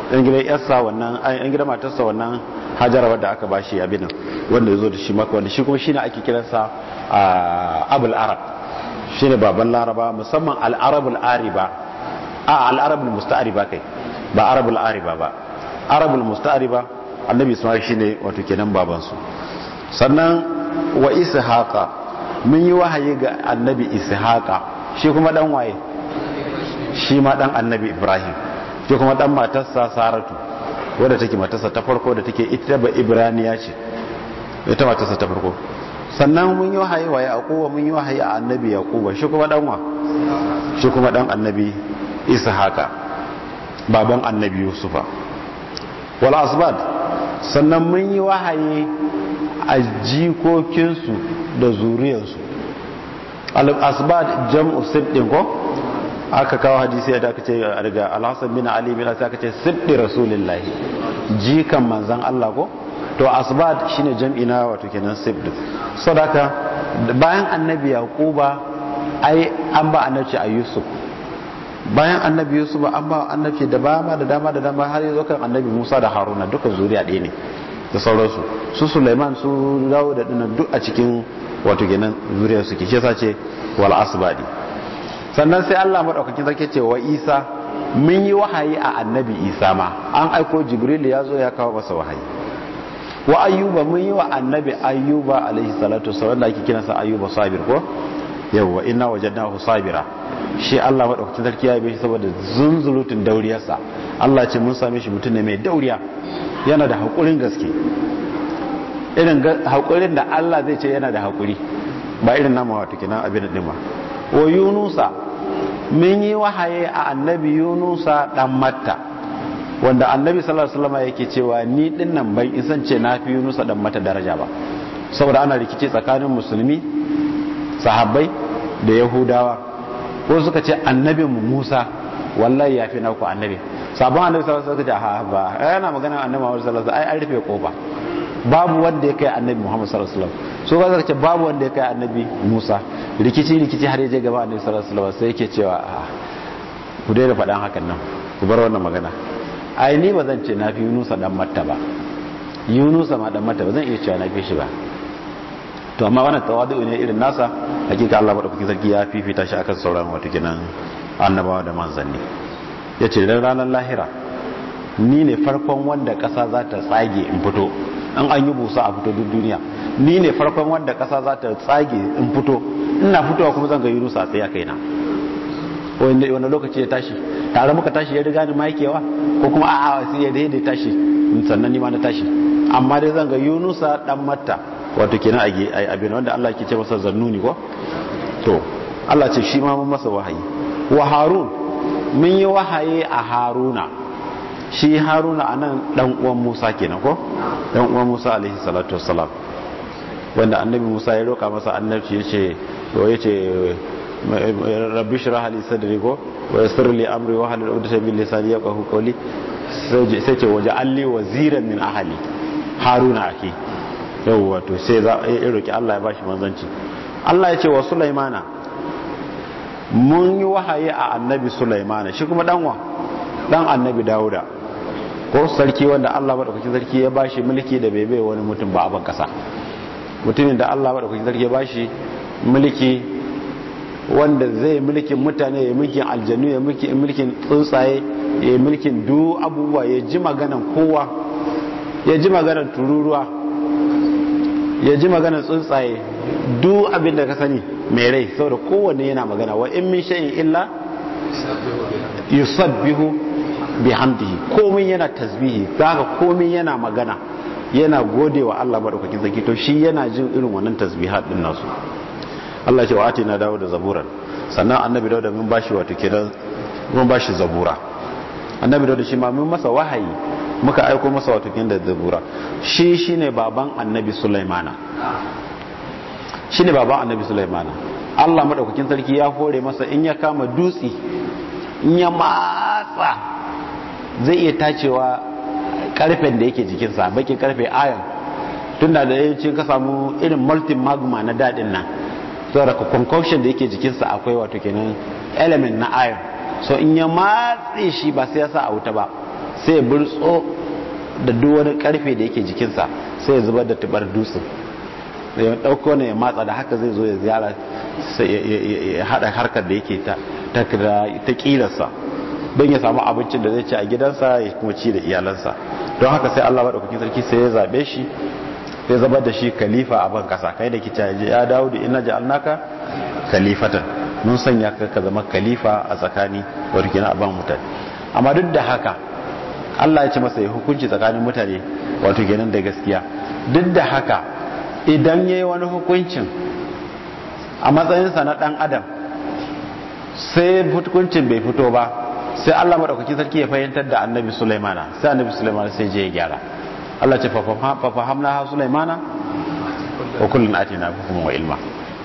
yan gidan yarsa wannan yan gidan matarsa wannan hajara wadda aka bashi abin wanda yazo da shi maka wanda shi kuma shine ake kiransa abul arab shine baban laraba musamman al arabul ariba a al arabul musta'riba kai ba arabul ariba ba arabul musta'riba annabi isma'il shine wato kenan baban su sannan wa ishaqa mun yi wahayi ga annabi ishaqa shi kuma dan waye shi ma dan annabi ibrahim ke kuma dan matarsa saratu wadda take matarsa ta farko da take ita ba ibraniya ce ita matarsa ta farko sannan mun yi wahayi wa yaquba mun yi wahayi a annabi yaquba shi kuma dan wa shi kuma dan annabi ishaqa baban annabi yusufa wal asbad sannan mun yi wahayi a jikokinsu da zuriyarsu al asbad jam'u sittin ko aka kawo hadisi da aka ce daga alhassan bin ali bin aka ce sibdi rasulillahi jikan manzan Allah ko to asbad shine jam'i na wato kenan sibdi sadaka bayan annabi yaquba ai an ba annabi a yusuf bayan annabi yusuf an ba annabi da dama da dama da dama har yanzu kan annabi musa da haruna duka zuriya ɗaya ne da sauransu su sulaiman su dawo da dinan duk a cikin wato kenan zuriyar suke shi yasa ce wal asbadi sannan sai Allah maɗaukakin sarki ce wa Isa mun yi wahayi a annabi Isa ma an aiko Jibril ya zo ya kawo masa wahayi wa ayyuba mun yi wa annabi ayyuba alaihi salatu wasallam da ake kiransa ayyuba sabir ko yawwa inna wajadnahu sabira shi Allah maɗaukakin sarki ya yi saboda zunzulutun dauriyarsa Allah ce mun same shi mutum ne mai dauriya yana da hakurin gaske irin hakurin da Allah zai ce yana da hakuri ba irin namu wato kenan abin ɗin ba wa yunusa mun yi wahaye a annabi yunusa dan matta wanda annabi sallallahu alaihi wasallam yake cewa ni din nan ban isan ce na fi yunusa dan mata daraja ba saboda ana rikici tsakanin musulmi sahabbai da yahudawa ko suka ce annabin musa wallahi ya fi naku annabi sabon annabi sallallahu alaihi wasallam ya ce ha ba yana magana annabi sallallahu alaihi wasallam ai an rufe kofa babu wanda ya kai annabi muhammad sallallahu alaihi wasallam so ga zaka ce babu wanda ya kai annabi musa rikici rikici har yaje gaba annabi sallallahu alaihi wasallam sai yake cewa a ku daina fadan hakan nan ku bar wannan magana ai ni ba zan ce na fi yunusa dan matta ba yunusa ma dan matta ba zan iya cewa na fi shi ba to amma wannan tawadu ne irin nasa hakika Allah madaukakin sarki ya fifita shi akan sauran wata kinan annabawa da manzanni yace ran ranar lahira ni ne farkon wanda ƙasa za ta tsage in fito in an yi busa a fito duk duniya ni ne farkon wanda ƙasa za ta tsage in fito ina fitowa kuma zan ga yunus a tsaye a kaina wanda wani lokaci ya tashi tare muka tashi ya riga ni maikewa ko kuma a'a sai ya daidai tashi sannan ni ma na tashi amma dai zan ga yunusa dan matta wato kenan a abin wanda Allah ke ce masa zannuni ko to Allah ce shi ma mun masa wahayi wa harun mun yi wahayi a haruna shi haruna a nan ɗan’uwan uwan musa kenan ko ɗan’uwan uwan musa alaihi salatu wasalam wanda annabi musa ya roƙa masa annabci ya ce ya ce rabbi shirar li da ko wa yassir li amri wa halul uqdata min ya yafqahu ƙoli sai ce waje alli ziran min ahali haruna ake yau wato sai za yi roƙi Allah ya bashi manzanci Allah ya ce wa sulaimana mun yi wahayi a annabi sulaimana shi kuma wa dan annabi dawuda. ko sarki wanda Allah madaukakin sarki ya bashi mulki da bai bai wani mutum ba a ban kasa mutumin da Allah madaukakin sarki ya bashi mulki wanda zai mulkin mutane ya mulkin aljanu ya mulkin tsuntsaye ya mulkin duk abubuwa ya ji maganan kowa ya ji maganan tururuwa ya ji maganan tsuntsaye duk abin da ka sani mai rai saboda kowanne yana magana wa in min shay'in illa yusabbihu bihamdihi komai yana tasbihi zaka komai yana magana yana gode wa Allah madaukakin sarki to shi yana jin irin wannan tasbihat din nasu Allah ce wa na dawo da zaburan sannan annabi dawo da mun bashi wato kenan mun bashi zabura annabi dawo da shi ma mun masa wahayi muka aiko masa wato kenan da zabura shi shine baban annabi Sulaimana shine baban annabi Sulaimana Allah madaukakin sarki ya hore masa in ya kama dutsi in ya matsa zai iya tacewa karfen da yake jikinsa bakin karfe iron tunda da yawanci ka samu irin multi magma na daɗin nan so da concoction da yake jikinsa akwai wato kenan element na iron so in ya matse shi ba sai ya sa a wuta ba sai ya burtso da duwani wani karfe da yake jikinsa sai ya zubar da tubar dutsen ya dauko ne ya matsa da haka zai zo ya ziyara ya hada harkar da yake ta ta kilarsa don ya samu abincin da zai ci a gidansa ya kuma ci da iyalansa don haka sai Allah madaukakin sarki sai ya zabe shi sai zama da shi kalifa a ban kasa kai da caji ya dawo da ji alnaka kalifatan mun sanya ka ka zama kalifa a tsakani rikina a ban mutane amma duk da haka Allah ya ce masa ya hukunci tsakanin mutane wato kenan da gaskiya duk da haka idan ya yi wani hukuncin a matsayinsa na dan adam sai hukuncin bai fito ba sai Allah madaukakin sarki ya fahimtar da annabi Sulaimana sai annabi Sulaimana sai je ya gyara Allah ce fa hamna ha Sulaimana wa kullun atina hukuma wa ilma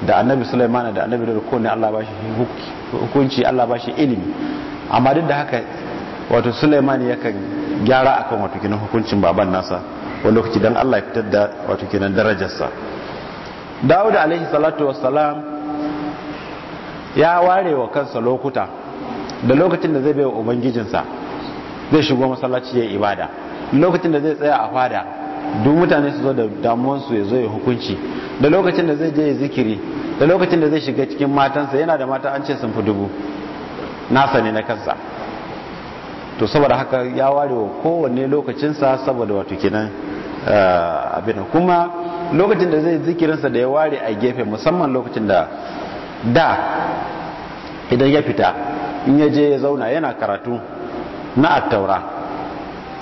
da annabi Sulaimana da annabi da kowanne Allah ba shi hukunci Allah ba shi ilimi amma duk da haka wato Sulaiman yakan gyara akan wato kinan hukuncin baban nasa wanda lokaci dan Allah ya fitar da wato kinan darajarsa Dawud alaihi salatu wassalam ya ware wa kansa lokuta da lokacin da zai bai wa ubangijinsa zai shigo masallaci ya ibada lokacin da zai tsaya a fada duk mutane su zo da damuwansu ya zo ya hukunci da lokacin da zai je ya zikiri da lokacin da zai shiga cikin matansa yana da mata an ce sun fi dubu nasa ne na kansa to saboda haka ya ware wa kowanne lokacinsa saboda wato kenan eh, abin kuma lokacin da zai zikirinsa da ya ware a gefe musamman lokacin da da idan ya fita in ya je ya zauna yana karatu na attaura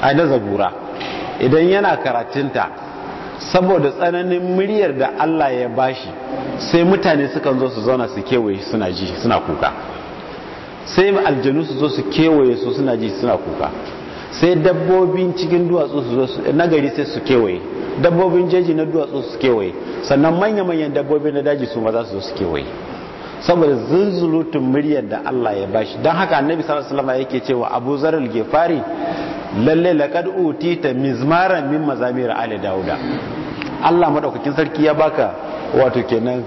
a da zabura idan yana karatunta saboda tsananin muryar da Allah ya bashi sai mutane sukan zo su zauna su kewaye suna ji suna kuka sai aljanu su zo su kewaye su suna ji suna kuka sai dabbobin cikin duwatsu su zo na gari sai su kewaye dabbobin jeji na duwatsu su kewaye sannan manya-manyan dabbobin na daji su maza su zo su kewaye saboda zunzulutun muryar da Allah ya bashi don haka annabi sallallahu alaihi wasallam yake cewa Abu Zar al-Ghifari lalle laqad utita mizmara min mazamir ali dauda Allah madaukakin sarki ya baka wato kenan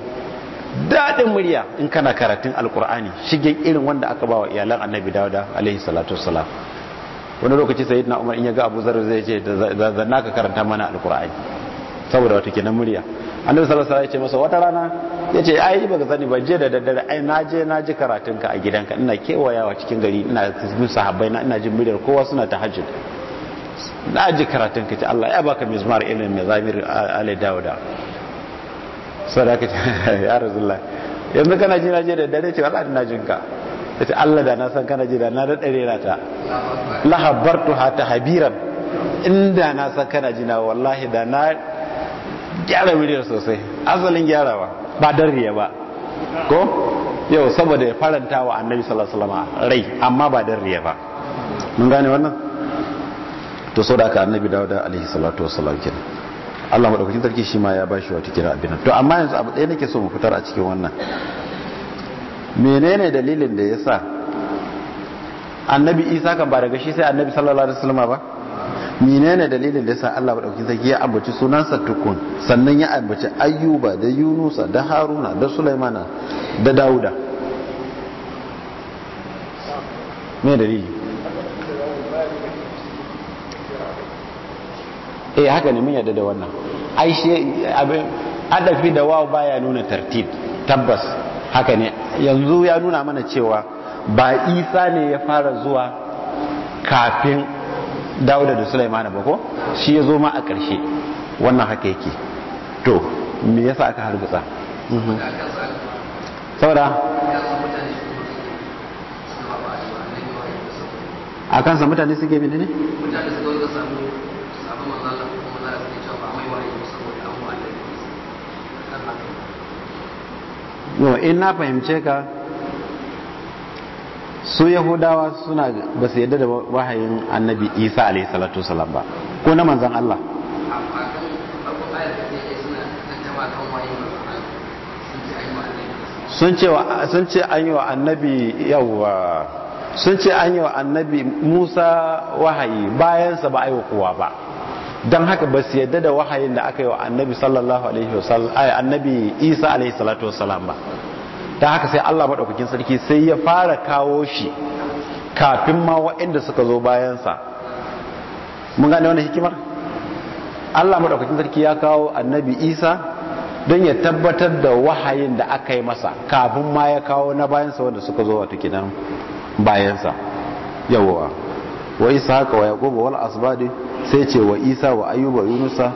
dadin murya in kana karatun alkur'ani shigen irin wanda aka bawa iyalan annabi dauda alaihi salatu salam. wani lokaci sayyidina umar in ya ga abu zar zai ce da naka karanta mana alkur'ani saboda wato kenan murya annabi sallallahu alaihi wasallam ya ce masa wata rana ya ce ai baka sani ba je da daddare ai na je na ji karatun ka a gidanka ina kewayawa cikin gari ina cikin sahabbai na ina jin muryar kowa suna tahajjud na ji karatun ka ce Allah ya baka mizmar ilmin zamir ali dauda sadaka ya rasulullah yanzu kana ji na je da daddare ce wallahi ina jin ka ce Allah da na san kana ji da na daddare na ta lahabbartuha habiran inda na san kana ji na wallahi da na gyara muryar sosai asalin gyarawa ba riya ba ko yau saboda ya faranta wa annabi sallallahu alaihi wasallam rai amma ba riya ba mun gane wannan to so da aka annabi dawuda alaihi salatu wasallam kenan Allah madaukakin tarki shi ma ya bashi wata kira abin to amma yanzu abu ɗaya nake so mu fitar a cikin wannan menene dalilin da yasa annabi isa kan ba daga shi sai annabi sallallahu alaihi wasallam ba menene dalilin da yasa Allah dauki sarki ya ambaci sunansa tukun sannan ya ambaci ayyuba da yunusa da haruna da sulaimana da dauda me dalili eh haka ne mun yadda da wannan ai shi abin adafi da waw baya nuna tartib tabbas haka ne yanzu ya nuna mana cewa ba isa ne ya fara zuwa kafin Dawuda da Sulaiman ba ko shi ya zo ma a ƙarshe wannan haka yake to me yasa aka hargitsa saboda a kansa mutane suke bi ne mutane in na fahimce ka su yahudawa suna ba su yadda da wahayin annabi isa alaihi salatu wasalam ba ko na manzan allah sun ce an yi wa annabi yawwa sun ce an yi wa annabi musa wahayi bayansa ba a yi wa kowa ba don haka ba su yadda da wahayin da aka yi wa annabi sallallahu alaihi wasallam annabi isa alaihi salatu wasalam ba ta haka sai Allah maɗaukakin sarki sai ya fara kawo shi kafin ma waɗanda suka zo bayansa mun gane wani hikimar Allah maɗaukakin sarki ya kawo annabi isa don ya tabbatar da wahayin da aka yi masa kafin ma ya kawo na bayansa wanda suka zo wata kidan bayansa yawowa wa isa haka wa yaƙubu wal asbadi sai ce wa isa wa ayyuba yunusa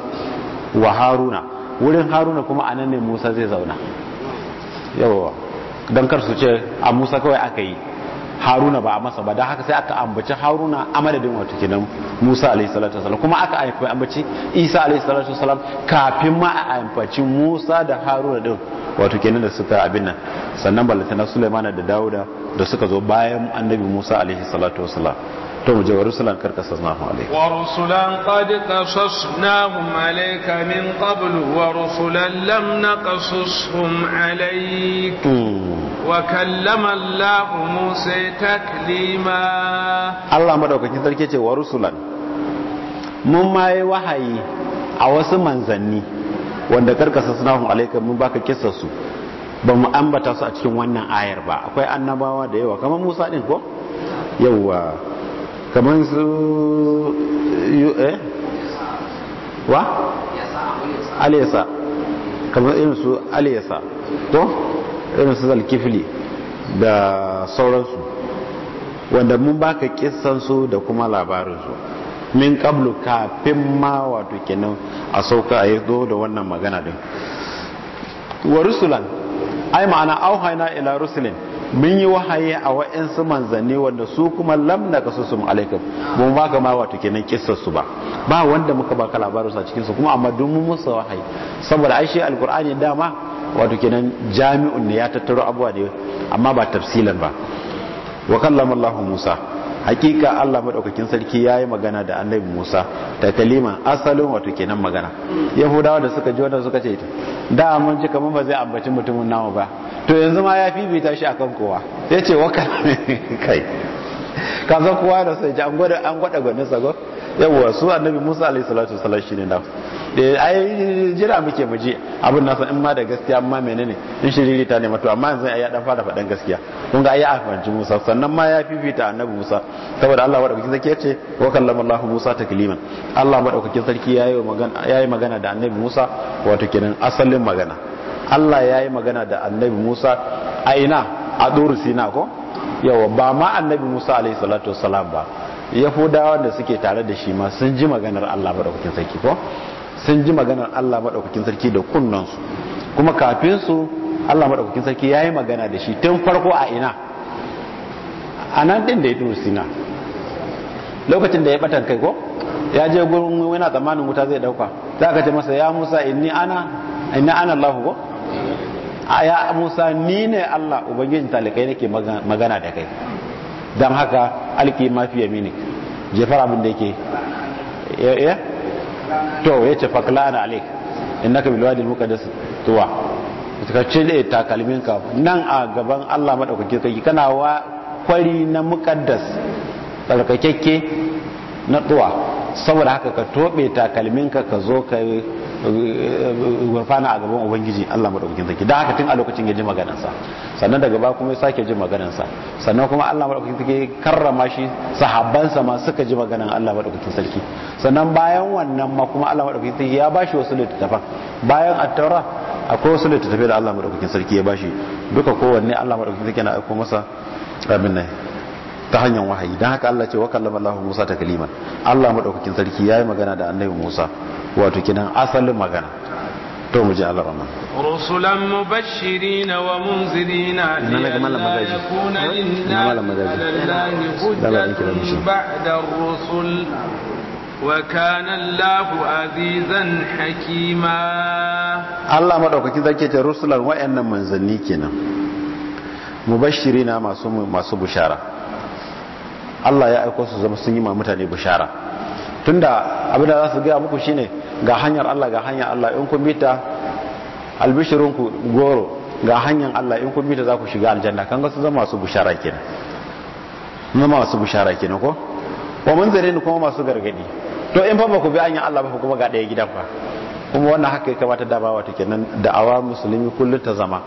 wa haruna wurin haruna kuma anan ne musa zai zauna yawowa don kar su ce a musa kawai aka yi haruna ba a masa ba don haka sai aka ambaci haruna a madadin wato musa a.s. kuma aka ambaci isa a.s. kafin ma a ambaci musa da haruna din wato kenan da suka abin nan sannan ballatana sulaimana da dawuda da suka zo bayan annabi musa a.s. to mu je wa rusulan kar kasasnahum alayka wa rusulan qad qasasnahum alayka min qabl wa rusulan lam naqasushum alayk hmm. wa kallama Allah Musa taklima Allah madaukakin sarki ce wa rusulan mun ma yi wahayi a wasu manzanni wanda karkasa sunahun alaika mun baka kissasu su ba mu ambata su a cikin wannan ayar ba akwai annabawa da yawa kamar Musa din ko yawa kamar su eh wa aliyasa kamar irin su aliyasa ko irin su zalkifili da sauransu wanda mun baka kissansu da kuma labarinsu min kablu kafin ma wato kenan a sauka a yi zo da wannan magana din wa rusulan ai ma'ana auhaina ila rusulin mun yi wahayi a wa'ansu manzanni wanda su kuma lam na kasu sun alaikum ba mu baka ma wato kenan kissar ba ba wanda muka baka labarin sa cikin su kuma amma duk mun musu wahayi saboda ai shi dama wato kenan jami'un ne ya tattaro abuwa ne amma ba tafsilan ba wa kallama Allah Musa hakika Allah madaukakin sarki yayi magana da annabi Musa ta kalima asalin wato kenan magana yahudawa da suka ji wannan suka ce da mun ji kaman ba zai ambaci mutumin namu ba to yanzu ma ya fifita shi akan kowa yace waka kai ka zo kowa da sai ji an gwada an gwada gwanin sago yawa su annabi Musa alaihi salatu wasallam shine da da eh, ai jira muke muje abin nasa in ma da gaskiya amma menene in shi ta ne mato amma yanzu ya dan fara faɗan gaskiya kun ga ai ya afanci Musa sannan ma ya fifita annabi Musa saboda Allah madaukakin sarki ce wa kallama Allah Musa takliman Allah madaukakin sarki yayi magana yayi magana da annabi Musa wato kenan asalin magana Allah yayi magana da annabi Musa a ina a duru sina ko yawa ba ma annabi Musa alaihi salatu wassalam ba yahudawa da suke tare da shi ma sun ji maganar Allah madaukakin sarki ko sun ji maganar Allah madaukakin sarki da kunnansu kuma kafin su Allah maɗaukin sarki ya yi magana da shi tun farko a ina a nan ɗin da ya turu sina lokacin da ya batan kai ko ya je gurin wani tsammanin wuta zai ɗauka za ka ce masa ya musa inni ana inni ana Allah ko ya musa ni ne Allah ubangijin talikai nake magana da kai don haka alki mafi yamini jefar abin da yake ya to yace faklana alik innaka bil wadi al muqaddas tuwa ka cire eh, takalmin ka nan a gaban Allah madaukake kai kana wa kwari na muqaddas tsarkakekke na tuwa saboda haka ka tobe takalmin ka ka zo ka gurfana a gaban ubangiji Allah madaukakin sarki dan haka tun a lokacin ya ji maganar sa sannan daga ba kuma ya sake ji maganar sa sannan kuma Allah madaukakin sarki karrama shi sahabban sa ma suka ji maganar Allah madaukakin sarki sannan bayan wannan ma kuma Allah madaukakin sarki ya bashi wasu littafan bayan at-taura akwai wasu littattafai da Allah madaukakin sarki ya bashi duka kowanne Allah madaukakin sarki yana aiko masa abin nan ta hanyar wahayi don haka Allah ce wa kallama Allah Musa ta kalima Allah madaukakin sarki yayi magana da annabi Musa wato kinan asalin magana to mu ji Allah rama rusulan mubashirin wa munzirin na daga malam magaji na malam magaji da Allah kira mishi ba'da rusul wa kana Allahu azizan hakima Allah madaukakin sarki ce rusulan wayannan manzanni kenan mubashirina masu masu bushara Allah ya aiko su zama sun yi ma mutane bishara tunda abinda za su gaya muku shine ga hanyar Allah ga hanyar Allah in kun bita ku goro ga hanyar Allah in kun bita za ku shiga aljanna kan ga su zama masu bishara kenan zama masu bishara kenan ko wa munzare ni kuma masu gargadi to in fa ba ku bi hanyar Allah ba kuma ga daya gidan fa kuma wannan haka ya kamata da ba wata kenan awa musulmi kullum ta zama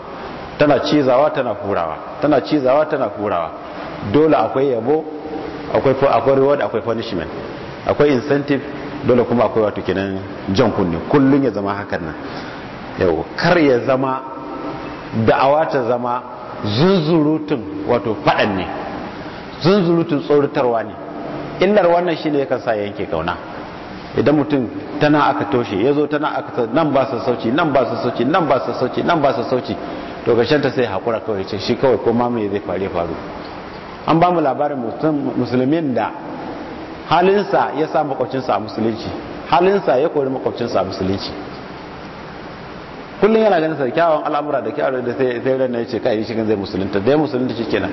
tana cizawa tana furawa tana cizawa tana furawa dole akwai yabo akwai akwai reward akwai punishment akwai incentive dole kuma akwai wato kenan jan kunne kullun ya zama hakan nan yau kar ya zama da'awa ta zama zunzurutun wato fadan ne zunzurutun tsoratarwa ne illar wannan shine yakan sa yanke kauna idan mutum tana aka toshe ya zo tana aka nan ba su sauci nan ba su sauci nan ba su sauci nan ba su sauci to gashin ta sai hakura kawai ce shi kawai ko ma me zai fare faru an ba mu labarin musulmin da halinsa ya sa makwabcinsa a musulunci halinsa ya kori makwabcinsa a musulunci kullum yana ganin sa al'amura da kyawar da sai ran ya ce kai shi zai musulunta da ya musulunta shi kenan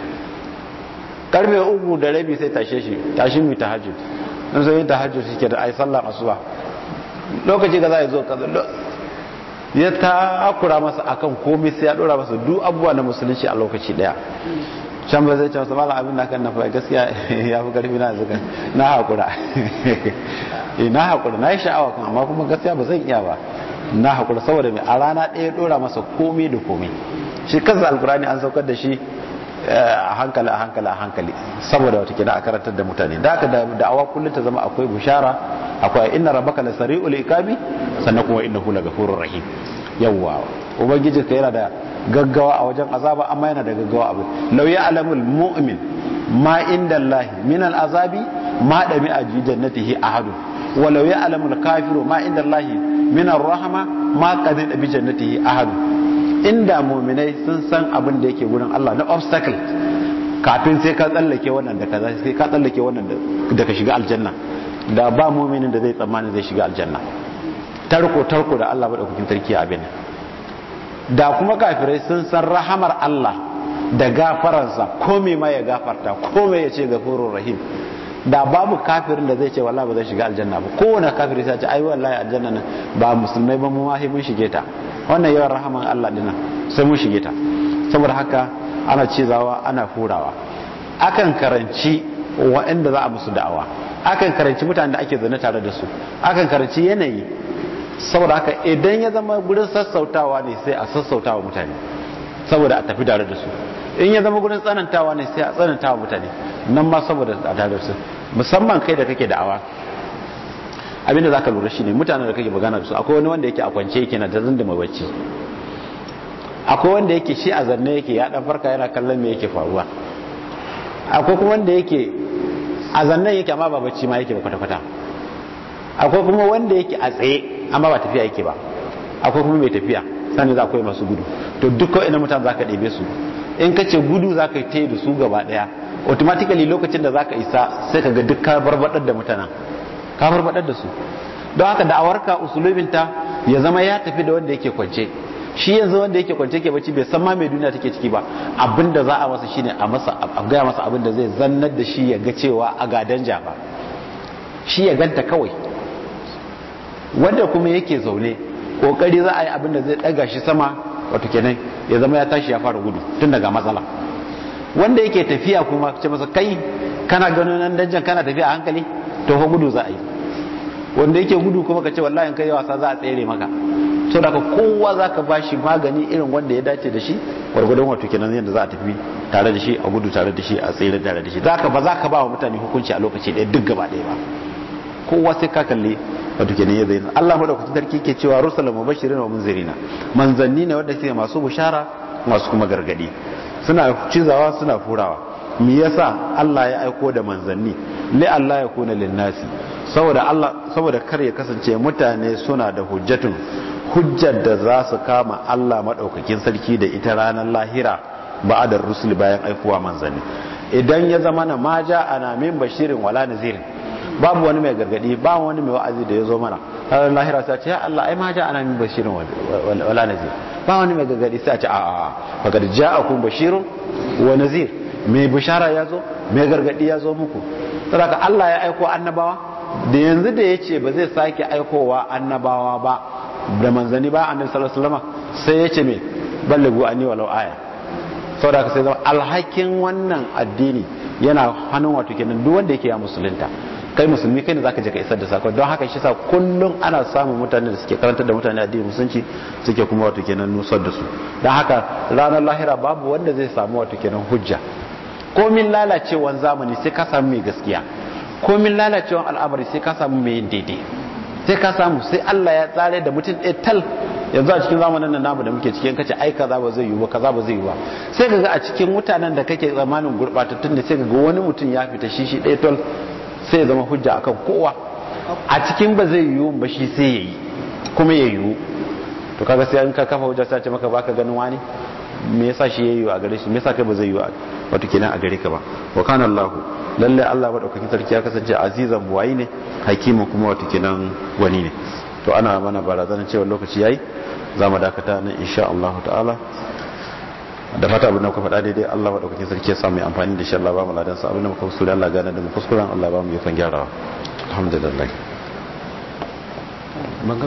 karfe uku da rabi sai tashe shi tashi mu hajji in sai hajji shi kenan ai sallar asuba lokaci ga za ya zo kaza ya ta akura masa akan komai sai ya dora masa duk abubuwa na musulunci a lokaci daya can ba zai ce masa malam abin da kan na gaskiya ya fi karfi na zuka na haƙura eh, na haƙura na yi sha'awa kan amma kuma gaskiya ba zan iya ba na haƙura saboda mai a rana ɗaya ɗora masa komai da komai shi kansa alkurani an saukar da shi eh, a hankali a hankali a hankali saboda wata kina a karantar da mutane da aka da awa kullum ta zama akwai bushara akwai inna rabbaka la sari'ul iqabi sannan kuma innahu la ghafurur rahim yawwa ubangijinka yana da gaggawa a wajen azaba amma yana da gaggawa abu law ya'lamul mu'min ma inda Allah min al'azabi ma dami a jannatihi ahadu wa law ya'lamul kafiru ma inda Allah min ar-rahma ma qad bi jannatihi ahadu inda mu'minai sun san abin da yake gurin Allah na obstacle kafin sai ka tsallake wannan da kaza sai ka tsallake wannan da ka shiga aljanna da ba mu'minin da zai tsammani zai shiga aljanna tarko tarko da Allah tarki sarki abin da kuma kafirai sun san rahamar Allah da gafaransa komai ma ya gafarta komai ya ce gafurur rahim da babu kafirin da zai ce wallahi ba zai shiga aljanna ba kowane kafiri sai ce ai wallahi aljanna nan ba musulmai ba mu mahi mun shige ta wannan yawan rahaman Allah dinan sai mun shige ta saboda haka ana cizawa ana furawa akan karanci waɗanda za a musu da'awa akan karanci mutanen da ake zaune tare da su akan karanci yanayi saboda haka idan ya zama gudun sassautawa ne sai a sassautawa mutane saboda a tafi dare da su in ya zama gudun tsanantawa ne sai a tsanantawa mutane nan ma saboda a dare da su musamman kai da kake da'awa abinda za ka lura shi ne mutanen da kake magana da su akwai wani wanda yake a kwance yake na tazin da mai bacci akwai wanda yake shi a zanne yake ya dan farka yana kallon me yake faruwa akwai kuma wanda yake a zanne yake amma ba bacci ma yake ba kwata-kwata akwai kuma wanda yake a tsaye amma ba tafiya yake ba akwai kuma mai tafiya sani za akwai masu gudu to duk ina mutane za ka ɗebe su in ka ce gudu za ka yi ta da su gaba ɗaya automatically lokacin da za ka isa sai ka ga duk ka barbaɗar da mutanen ka barbaɗar da su don haka da usulubin usulubinta ya zama ya tafi da wanda yake kwance shi yanzu wanda yake kwance ke bacci bai san ma mai duniya take ciki ba abinda za a masa shine a masa a gaya masa abinda zai zannar da shi ya ga cewa a gadanja ba shi ya ganta kawai wanda kuma yake zaune kokari za a yi abin da zai daga shi sama wato kenan ya zama ya tashi ya fara gudu tun daga matsala wanda yake tafiya kuma ce masa kai kana ganin nan danjan kana tafiya a hankali to fa gudu za a yi wanda yake gudu kuma ka ce wallahi in kai wasa za a tsere maka to daga kowa za ka shi magani irin wanda ya dace da shi gwargwadon wato kenan yadda za a tafi tare da shi a gudu tare da shi a tsere tare da shi za ka ba za ka ba wa mutane hukunci a lokaci ɗaya duk gaba ɗaya ba kowa sai ka kalli wato ne ya zaina Allah mu da ke cewa mu bashirin wa munzirina manzanni ne wanda ke masu bushara masu kuma gargadi suna cizawa suna furawa me yasa Allah ya aiko da manzanni li Allah ya kuna linnasi saboda kar ya kasance mutane suna da hujjatun hujjar da za su kama Allah maɗaukakin sarki da ita ranar lahira ba'adar rusul bayan aikowa manzanni idan ya zama na maja ana min bashirin wala nazirin babu wani mai gargadi ba wani mai wa'azi da ya zo mana har lahira sai ce ya Allah ai ma ja ana min bashirin wala nazir ba wani mai gargadi sai ce a a fakad ja'akum bashirun wa nazir mai bishara ya zo mai gargadi ya zo muku saboda Allah ya aiko annabawa da yanzu da yace ba zai sake aikowa annabawa ba da manzani ba annabi sallallahu alaihi wasallam sai yace me ballagu anni walau aya saboda sai zama alhakin wannan addini yana hannun wato kenan duk wanda yake ya musulunta kai musulmi kai ne zaka je ka isar da sako don haka shi sa kullum ana samun mutane da suke karantar da mutane addinin musulunci suke kuma wato kenan nusar da su don haka ranar lahira babu wanda zai samu wato kenan hujja komin lalacewan zamani sai ka samu mai gaskiya komin lalacewan al'amari sai ka samu mai daidai sai ka samu sai Allah ya tsare da mutum ɗaya tal yanzu a cikin zamanin nan namu da muke cikin kace ai kaza ba zai yi ba kaza ba zai yi ba sai kaga a cikin mutanen da kake zamanin gurbatattun ne sai kaga wani mutum ya fita shi shi ɗaya tol sai zama hujja akan kowa a cikin ba zai yiwu ba shi sai yayi kuma ya yiwu to kaga sai an ka kafa hujja sai ce maka baka ganin wani me yasa shi yayi a gare shi me yasa kai ba zai yiwu wato kenan a gare ka ba wa kana Allah lalle Allah madaukakin sarki ya kasance azizan buwayi ne hakima kuma wato kenan wani ne to ana mana barazanar cewa lokaci yayi za mu dakata nan insha Allah ta'ala da fata abin da kuka faɗa daidai Allah madaukakin sarki ya samu mai amfani da shi Allah ba mu ladan sa abin da muka kusura Allah gane da mu kuskuren Allah ba mu yakan gyarawa alhamdulillah